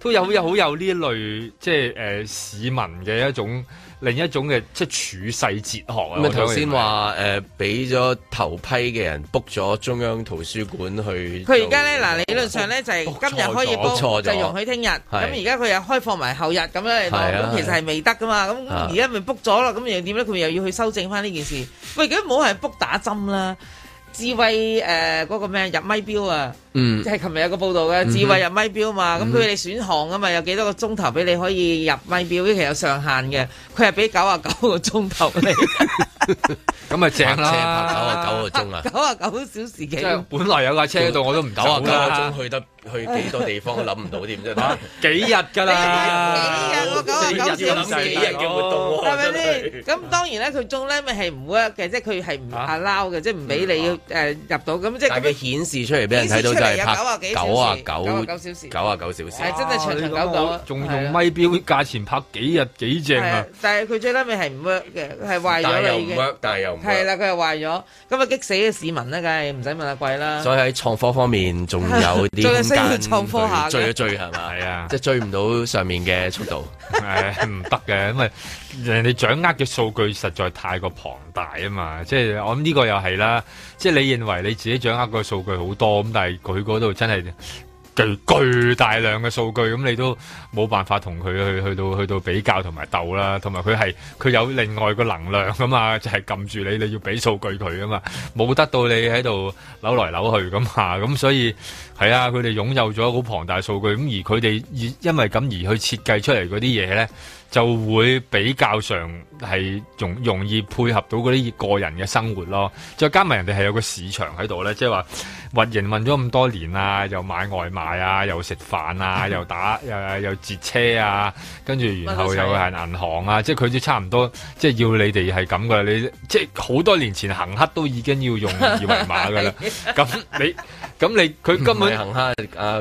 都有有好有呢一類即係誒、呃、市民嘅一種，另一種嘅即係處世哲學。咁啊頭先話誒俾咗頭批嘅人 book 咗中央圖書館去。佢而家咧嗱理論上咧預就係今日可以 book，就容許聽日。咁而家佢又開放埋後日咁、啊、樣嚟到，啊、其實係未得噶嘛。咁而家咪 book 咗啦咁又點咧？佢又要去修正翻呢件事。喂，而家冇係 book 打針啦。智慧誒嗰，呃那個咩入咪表啊，即係琴日有個報道嘅智慧入咪表啊嘛，咁佢哋選項啊嘛，有幾多個鐘頭俾你可以入咪表，其實有上限嘅，佢係俾九十九個鐘頭你，咁咪正啦，九十九個鐘啦，九十九小時幾，啊，啊、時本來有架車度我都唔九十九個鐘去得，去幾多地方都諗唔到啲啫，幾日㗎啦？幾日個九啊九小時嘅活動，係咪先？咁當然咧，佢鐘咧咪係唔 work 嘅，即係佢係唔 allow 嘅，即係唔俾你誒入到。咁即係佢顯示出嚟俾人睇到就係拍九啊九九啊九小時，係真係長長久久。仲用咪錶價錢拍幾日幾正啊？但係佢最尾咪係唔 work 嘅，係壞咗嘅。係啦，佢又壞咗，咁啊激死啲市民啦，梗係唔使問阿貴啦。所以喺創科方面仲有啲。跟佢追一追係嘛？係 是啊，即係追唔到上面嘅速度， 哎，係唔得嘅，因為人哋掌握嘅數據實在太過龐大啊嘛，即係我諗呢個又係啦，即係你認為你自己掌握嘅數據好多，咁但係佢嗰度真係。巨巨大量嘅數據，咁你都冇辦法同佢去去到去到比較同埋鬥啦，同埋佢係佢有另外個能量㗎嘛，就係撳住你，你要俾數據佢㗎嘛，冇得到你喺度扭來扭去咁嘛。咁所以係啊，佢哋擁有咗好龐大數據，咁而佢哋因為咁而去設計出嚟嗰啲嘢呢。就會比較上係容容易配合到嗰啲個人嘅生活咯，再加埋人哋係有個市場喺度咧，即係話運營運咗咁多年啊，又買外賣啊，又食飯啊，又打誒 又，又，又截車啊，跟住然後又係銀行啊，即係佢都差唔多，即係要你哋係咁噶你即係好多年前行黑都已經要用二維碼噶啦，咁 你咁你佢根本行啊？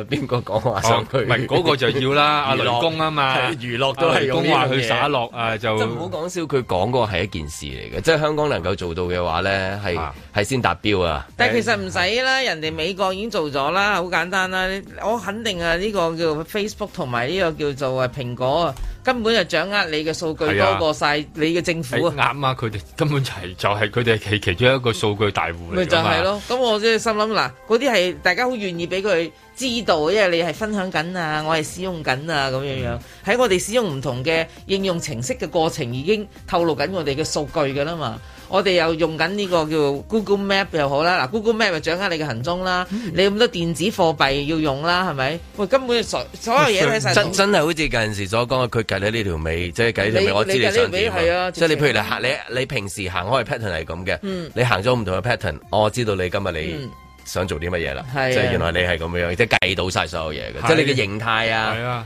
邊個講話上去、哦嗰個、就要啦，阿 樂、啊、雷公啊嘛，娛樂都係去耍落啊！就 就唔好講笑，佢講嗰個係一件事嚟嘅，即係 香港能夠做到嘅話咧，係、啊、係先達標啊！但其實唔使啦，啊、人哋美國已經做咗啦，好簡單啦。我肯定啊，呢、呢個叫 Facebook 同埋呢個叫做啊蘋果。根本,啊啊、根本就掌握你嘅數據多過晒你嘅政府啊！啱、就、啊、是！佢哋根本就係就係佢哋係其其中一個數據大戶嚟噶嘛！咪就係咯！咁我即係心諗嗱，嗰啲係大家好願意俾佢知道，因為你係分享緊啊，我係使用緊啊，咁樣樣喺、嗯、我哋使用唔同嘅應用程式嘅過程，已經透露緊我哋嘅數據噶啦嘛！我哋又用緊呢個叫 Google Map、啊、Google Map 又好啦，嗱 Google Map 咪掌握你嘅行蹤啦，嗯、你咁多電子貨幣要用啦，係咪？喂，根本所有所有嘢睇晒真真係好似嗰陣時所講嘅，佢計呢條尾，即係計喺條尾，你我知道你想點啊。即係你譬如你行，你平時行開 pattern 係咁嘅，嗯、你行咗唔同嘅 pattern，我知道你今日你想做啲乜嘢啦。即係、嗯、原來你係咁樣，即係計到晒所有嘢嘅，即係你嘅是形態啊。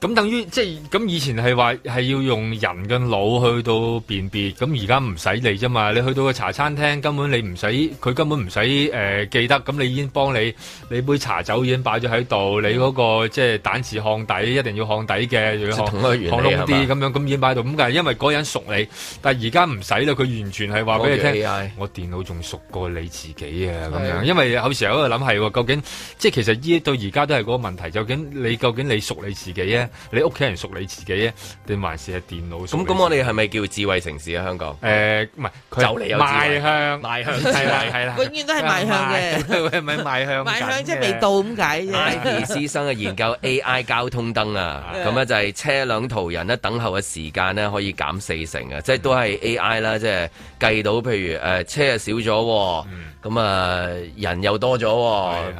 咁等於即係咁，以前係話係要用人嘅腦去到辨別，咁而家唔使理啫嘛。你去到個茶餐廳，根本你唔使佢根本唔使誒記得，咁你已經幫你你杯茶酒已經擺咗喺度，嗯、你嗰、嗰個即係蛋治烘底一定要烘底嘅，要烘啲咁樣，咁已經擺喺度咁㗎。因為嗰人熟你，但係而家唔使啦，佢完全係話俾你聽，的我電腦仲熟過你自己啊咁樣。的因為有時候我諗係喎，究竟即係其實依到而家都係嗰個問題，究竟你究竟你熟你自己咧？你屋企人熟你自己啫，定還是係電腦？咁咁，我哋係咪叫智慧城市啊？香港？誒、呃，唔係，就嚟有邁向邁向係啦係啦，永遠 都係邁向嘅。喂咪邁向？邁向即係未到咁解啫。香而師生嘅研究 AI 交通燈啊，咁咧 就係車輛途人咧等候嘅時間咧可以減四成啊！即係都係 AI 啦，即係計到，譬如，誒、呃、車係少咗、啊。嗯咁啊，人又多咗，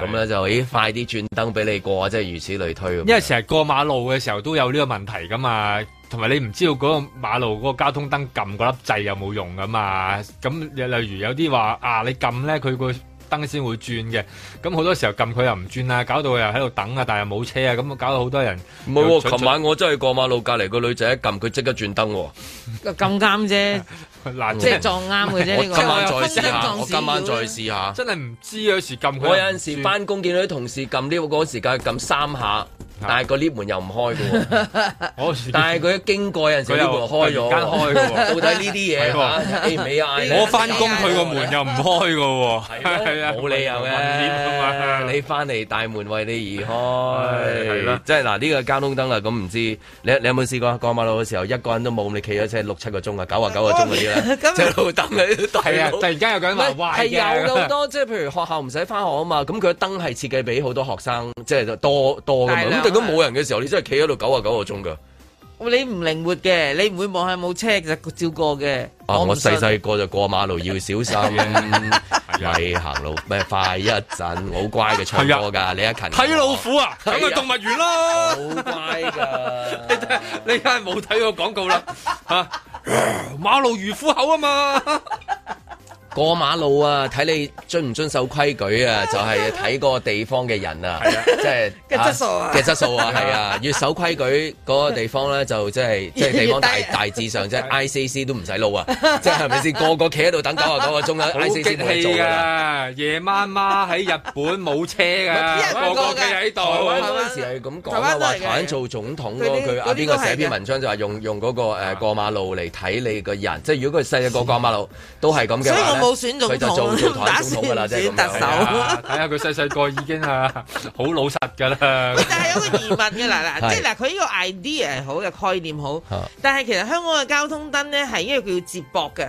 咁咧就可以快啲轉燈俾你過，即係如此類推。因為成日過馬路嘅時候都有呢個問題噶嘛，同埋你唔知道嗰個馬路嗰個交通燈撳嗰粒掣有冇用噶嘛？咁例如有啲話啊，你撳咧佢個燈先會轉嘅，咁好多時候撳佢又唔轉啦，搞到佢又喺度等啊，但係又冇車啊，咁搞到好多人。唔係喎，琴晚我真係過馬路隔離個女仔一撳佢即刻轉燈喎，咁啱啫，即係撞啱嘅啫。我今晚再試下，我今晚再試下，真係唔知有時撳佢。我有陣時翻工見到啲同事撳呢個時間撳三下。但係個 lift 門又唔開嘅喎，啊，但係佢一經過有陣時 lift 門開咗。間開到底呢啲嘢你我翻工佢個門又唔開嘅喎，冇理由嘅、 啊。 你翻嚟大門為你而開，即係嗱，呢，這個交通燈啦，咁唔知你你有冇試過過馬路嘅時候一個人都冇，你企咗車六七個鐘啊，九啊九個鐘嗰啲咧，即係路燈係 突然間又咁壞壞係有好多，即係譬如學校唔使翻學啊嘛，咁佢嘅燈係設計俾好多學生，即係多多咁如果冇人嘅時候，你真係企喺度九啊九個鐘噶。你唔靈活嘅，你唔會望下冇車就照過嘅。啊！我細細個就過馬路要小心，咪行、 啊、路咩？快一陣，好乖嘅唱歌噶。啊、你阿勤睇老虎啊？咁咪、啊、動物園咯。好乖噶！ 你梗係冇睇過廣告啦。吓， 馬路如虎口啊嘛。過馬路啊，睇你遵唔遵守規矩啊，就係睇嗰個地方嘅人啊，即係嘅質素啊，嘅質素啊，係啊，越守規矩嗰個地方咧，就即係即係地方大大致上即係 I C C 都唔使撈啊，即係係咪先？個個企喺度等九啊九個鐘啦，I C C 係做噶啦，夜晚晚喺日本冇車噶，個個企喺度。嗰陣時係咁講啊，話台灣做總統咯，佢阿邊個寫篇文章就話用用嗰個誒過馬路嚟睇你個人，即係如果佢細細個過馬路都係咁嘅話咧。佢就唔打算選特首，睇下佢細細個已經啊好老實噶啦。但係有個疑問嘅，嗱嗱，即係嗱，佢呢個 idea 係好嘅概念好，但係其實香港嘅交通燈咧係因為佢要接駁嘅，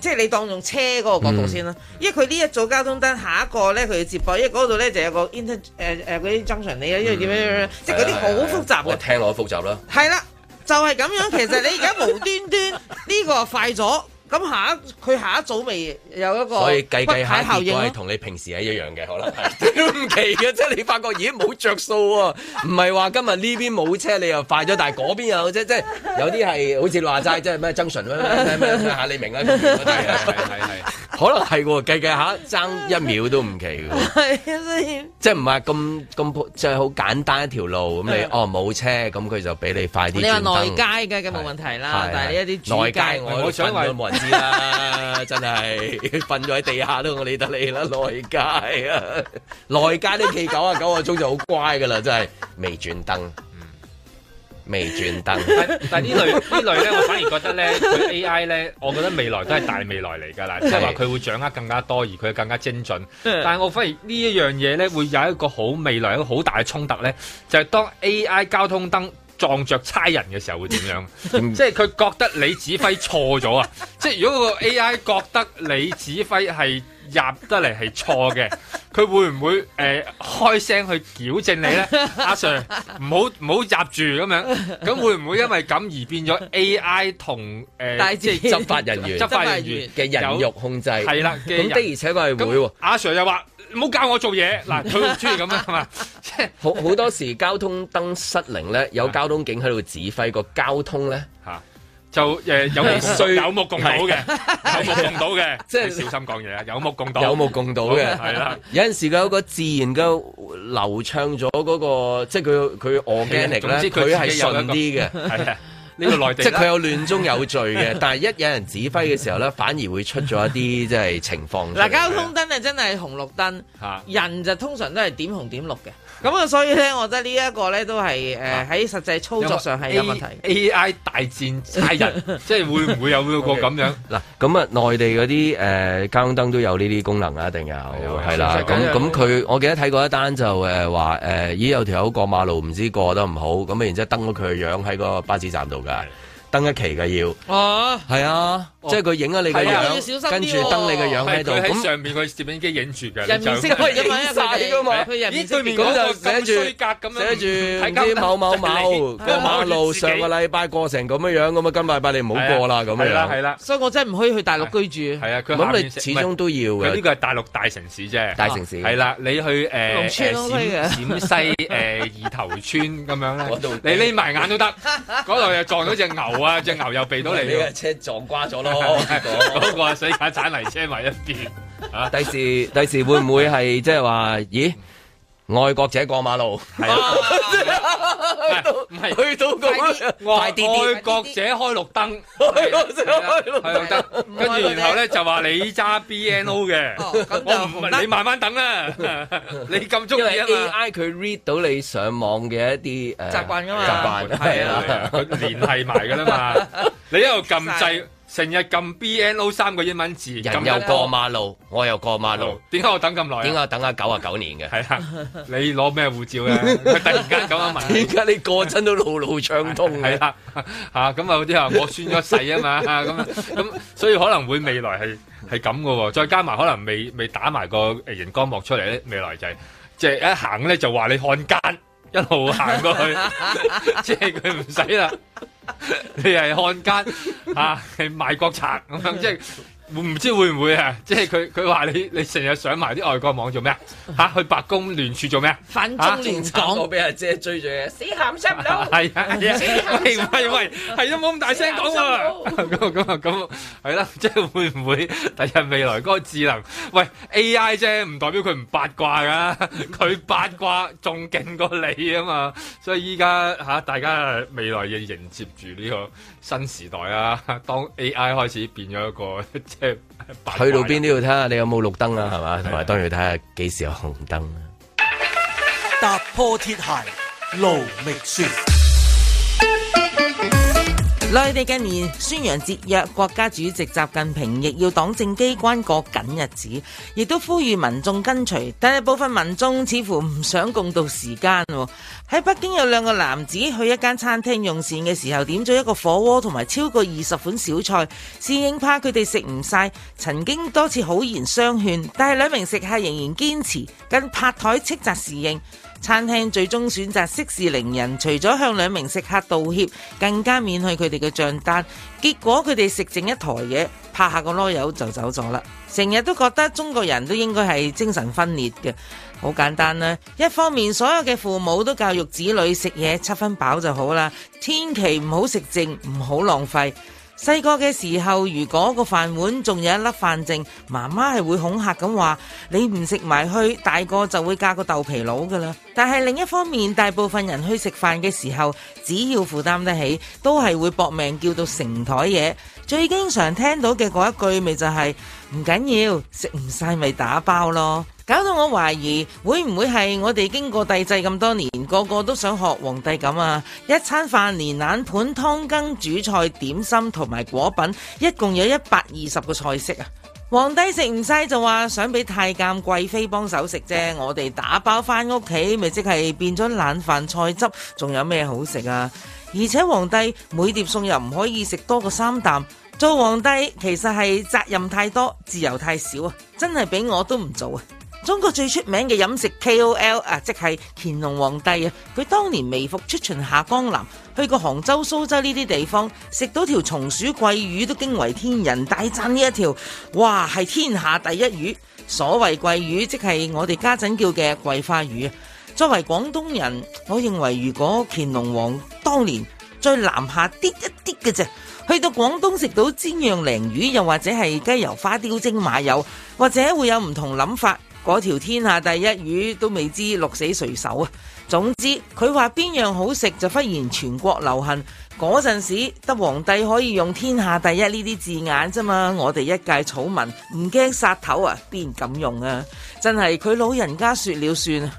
即係你當用車嗰個角度先啦。因為佢呢一組交通燈下一個咧佢要接駁，因為嗰度咧就有個 inter 誒誒嗰啲 junction 因為點樣即係嗰啲好複雜。聽落複雜啦。係啦，就係咁樣。其實你而家無端端呢個快咗。咁下一佢下一組未有一個，所以計計下，應該係同你平時係一樣嘅，可能係都唔奇嘅，即係你發覺，咦冇著數喎？唔係話今日呢邊冇車，你又快咗，但係嗰邊又啫，即係有啲係好似話齋，即係咩爭純咩咩咩嚇，你明啊？可能係計計下爭一秒都唔奇嘅，係啊，所以即係唔係咁咁即係好簡單一條路，咁你哦，冇車，咁佢就俾你快啲。你話內街嘅咁冇問題啦，但係呢一啲內街，我想為啦， 真係瞓咗喺地下都我理得你啦，內街啊，內街呢企九啊九個鐘就好乖噶啦，真係未轉燈，未轉燈，嗯。 但係呢類，類呢類咧，我反而覺得咧，佢 A I 咧，我覺得未來都係大未來嚟噶啦，即係話佢會掌握更加多，而佢更加精準。但係我反而這呢一樣嘢咧，會有一個好未來一個好大嘅衝突咧，就係、是、當 A I 交通燈。撞着差人嘅時候會點樣？嗯、即係佢覺得你指揮錯咗啊！ 即係如果個 AI 覺得你指揮係入得嚟係錯嘅，佢會唔會誒、呃、開聲去矯正你咧？ 阿 Sir，唔好唔好入住咁樣，咁會唔會因為咁而變咗 AI 同誒即係執法人員執法人員嘅人肉控制？係啦，咁的， 的而且確係會阿、啊、Sir 又話。唔好教我做嘢，嗱佢好似咁啊，係嘛？即係好好多時交通燈失靈咧，有交通警喺度指揮、個交通咧，吓、啊、就誒有需有目共睹嘅，有目共睹嘅，即係小心講嘢，有目共睹，有目共睹嘅係啦。 有陣是、啊、 時佢有個自然嘅流暢咗嗰個，即係佢佢我 e 力。e r 佢係順啲嘅。呢個內地，即係佢有亂中有序嘅。 但係一有人指揮嘅時候咧，反而會出咗一啲即係情況。嗱，交通燈啊，真係紅綠燈，的人就通常都係點紅點綠嘅。咁啊，所以咧，我覺得呢一個咧都係誒喺實際操作上係有問題，啊。A I 大戰差人， 即係會唔會有個咁樣嗱？咁 啊，內地嗰啲誒交通燈都有呢啲功能啊？一定有係、哎、呦啦。咁咁佢，我記得睇過一單就誒話誒，咦、呃、有條友過馬路唔知過得唔好，咁啊然之後登咗佢嘅樣喺個巴士站度㗎，登一期嘅要啊，係啊。即係佢影咗你個樣，跟住登你個樣喺度。咁佢喺上邊個攝影機影住嘅㗎嘛。佢人面識咁，就寫住咁樣，寫住某某某個馬路上個禮拜過成咁樣樣，咁啊今個禮拜你唔好過啦咁樣。係啦，所以我真係唔可以去大陸居住。係啊，佢下邊始終都要嘅。呢個係大陸大城市啫，大城市係啦。你去誒誒陝西誒二頭村咁樣啦，你匿埋眼都得。嗰度又撞到隻牛啊！隻牛又避到你架車撞瓜咗咯～嗰個係死架，鏟泥車埋一邊，啊！第時第時會唔會係即係話？咦，愛國者過馬路，係啊，唔係去到個愛國者開綠燈，愛國者開綠燈，跟住然後咧就話你揸 BNO 嘅，我唔得，你慢慢等啦。你咁中意 AI，佢 read 到你上網嘅一啲誒習慣噶嘛，習慣係啊，佢聯繫埋噶啦嘛，你一路撳掣。成日撳 BNO 三個英文字，人又過馬路，樣我又過馬路，點解我、嗯、我等咁耐、啊？點解等99 啊九啊九年嘅？你攞咩護照嘅、啊？佢 突然間咁樣問，而家你過親都路路暢通，係啦咁啊啲話、啊啊啊、我宣咗誓啊嘛，咁、啊、咁、啊啊啊啊啊啊，所以可能會未來係係咁嘅喎，再加埋可能未未打埋個熒光幕出嚟咧，未來就係、是、即係一行咧就話你漢奸。一路行過去，即係佢唔使啦。你係漢奸啊，係賣國賊咁樣即係。就是 唔知會唔會啊？即係佢佢話你你成日上埋啲外國網做咩啊？嚇去白宮聯署做咩啊？反中聯產我俾阿姐追住嘅。死鹹濕佬！係啊，係啊。喂喂喂，係都冇咁大聲講喎。咁啊咁啊咁，係啦，即係會唔會第日未來嗰個智能？喂，A I 啫，唔代表佢唔八卦噶，佢八卦仲勁過你啊嘛。所以依家嚇大家未來要迎接住呢個新時代啊。當 A I 開始變咗一個。去到邊都要睇下你有冇綠燈啊，係嘛？同埋當然要睇下幾時有紅燈。踏破鐵鞋勞覓雪。內地近年宣揚節約，國家主席習近平亦要黨政機關過緊日子，亦都呼籲民眾跟隨。但係部分民眾似乎唔想共度時艱喎。喺北京有兩個男子去一間餐廳用膳嘅時候，點咗一個火鍋同埋超過二十款小菜，侍應怕佢哋食唔晒，曾經多次好言相勸，但係兩名食客仍然堅持，更拍台斥責侍應。餐廳最終選擇息事寧人，除咗向兩名食客道歉，更加免去佢哋嘅帳單。結果佢哋食剩一枱嘢，拍下個籮柚就走咗啦。成日都覺得中國人都應該係精神分裂嘅，好簡單啦。一方面，所有嘅父母都教育子女食嘢七分飽就好啦，千祈唔好食剩，唔好浪費。細個嘅時候，如果個飯碗仲有一粒飯剩，媽媽係會恐嚇咁話：你唔食埋去，大個就會嫁個豆皮佬噶啦。但係另一方面，大部分人去食飯嘅時候，只要負擔得起，都係會搏命叫到成台嘢。最經常聽到嘅嗰一句，就是，咪就係唔緊要，食唔晒咪打包咯。搞到我懷疑會唔會係我哋經過帝制咁多年，個個都想學皇帝咁啊？一餐飯連冷盤、湯羹、主菜、點心同埋果品，一共有一百二十個菜式啊！皇帝食唔晒就話想俾太監、貴妃幫手食啫，我哋打包返屋企，咪即係變咗冷飯菜汁，仲有咩好食啊？而且皇帝每碟餸又唔可以食多過三啖，做皇帝其實係責任太多，自由太少啊！真係俾我都唔做啊！中國最出名嘅飲食 KOL 啊，即係乾隆皇帝啊！佢當年微服出巡下江南，去過杭州、蘇州呢啲地方，食到條鬆鼠桂魚都驚為天人，大讚呢一條，哇係天下第一魚！所謂桂魚，即係我哋家陣叫嘅桂花魚。作為廣東人，我認為如果乾隆皇當年再南下跌一啲嘅啫，去到廣東食到煎釀鯪魚，又或者係雞油花雕蒸馬友，或者會有唔同諗法。嗰條天下第一魚都未知鹿死誰手啊！總之佢話邊樣好食就忽然全國流行，嗰陣時得皇帝可以用天下第一呢啲字眼啫嘛！我哋一介草民唔驚殺頭啊，邊敢用啊！真係佢老人家説了算啊！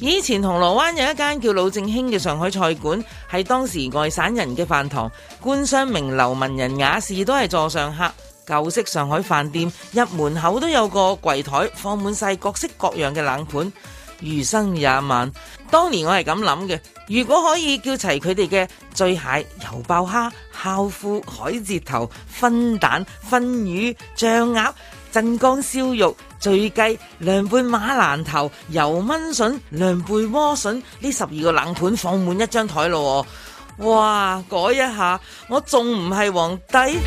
以前銅鑼灣有一間叫老正興嘅上海菜館，係當時外省人嘅飯堂，官商名流、文人雅士都係座上客。舊式上海飯店入門口都有個櫃檯，放滿晒各式各樣嘅冷盤，餘生廿萬，當年我係咁諗嘅。如果可以叫齊佢哋嘅醉蟹、油爆蝦、烤麩、海蜇頭、熏蛋、熏魚、醬鴨、鎮江燒肉、醉雞、涼拌馬蘭頭、油炆笋、涼拌萵笋呢十二個冷盤放滿一張台咯，哇！改一下，我仲唔係皇帝？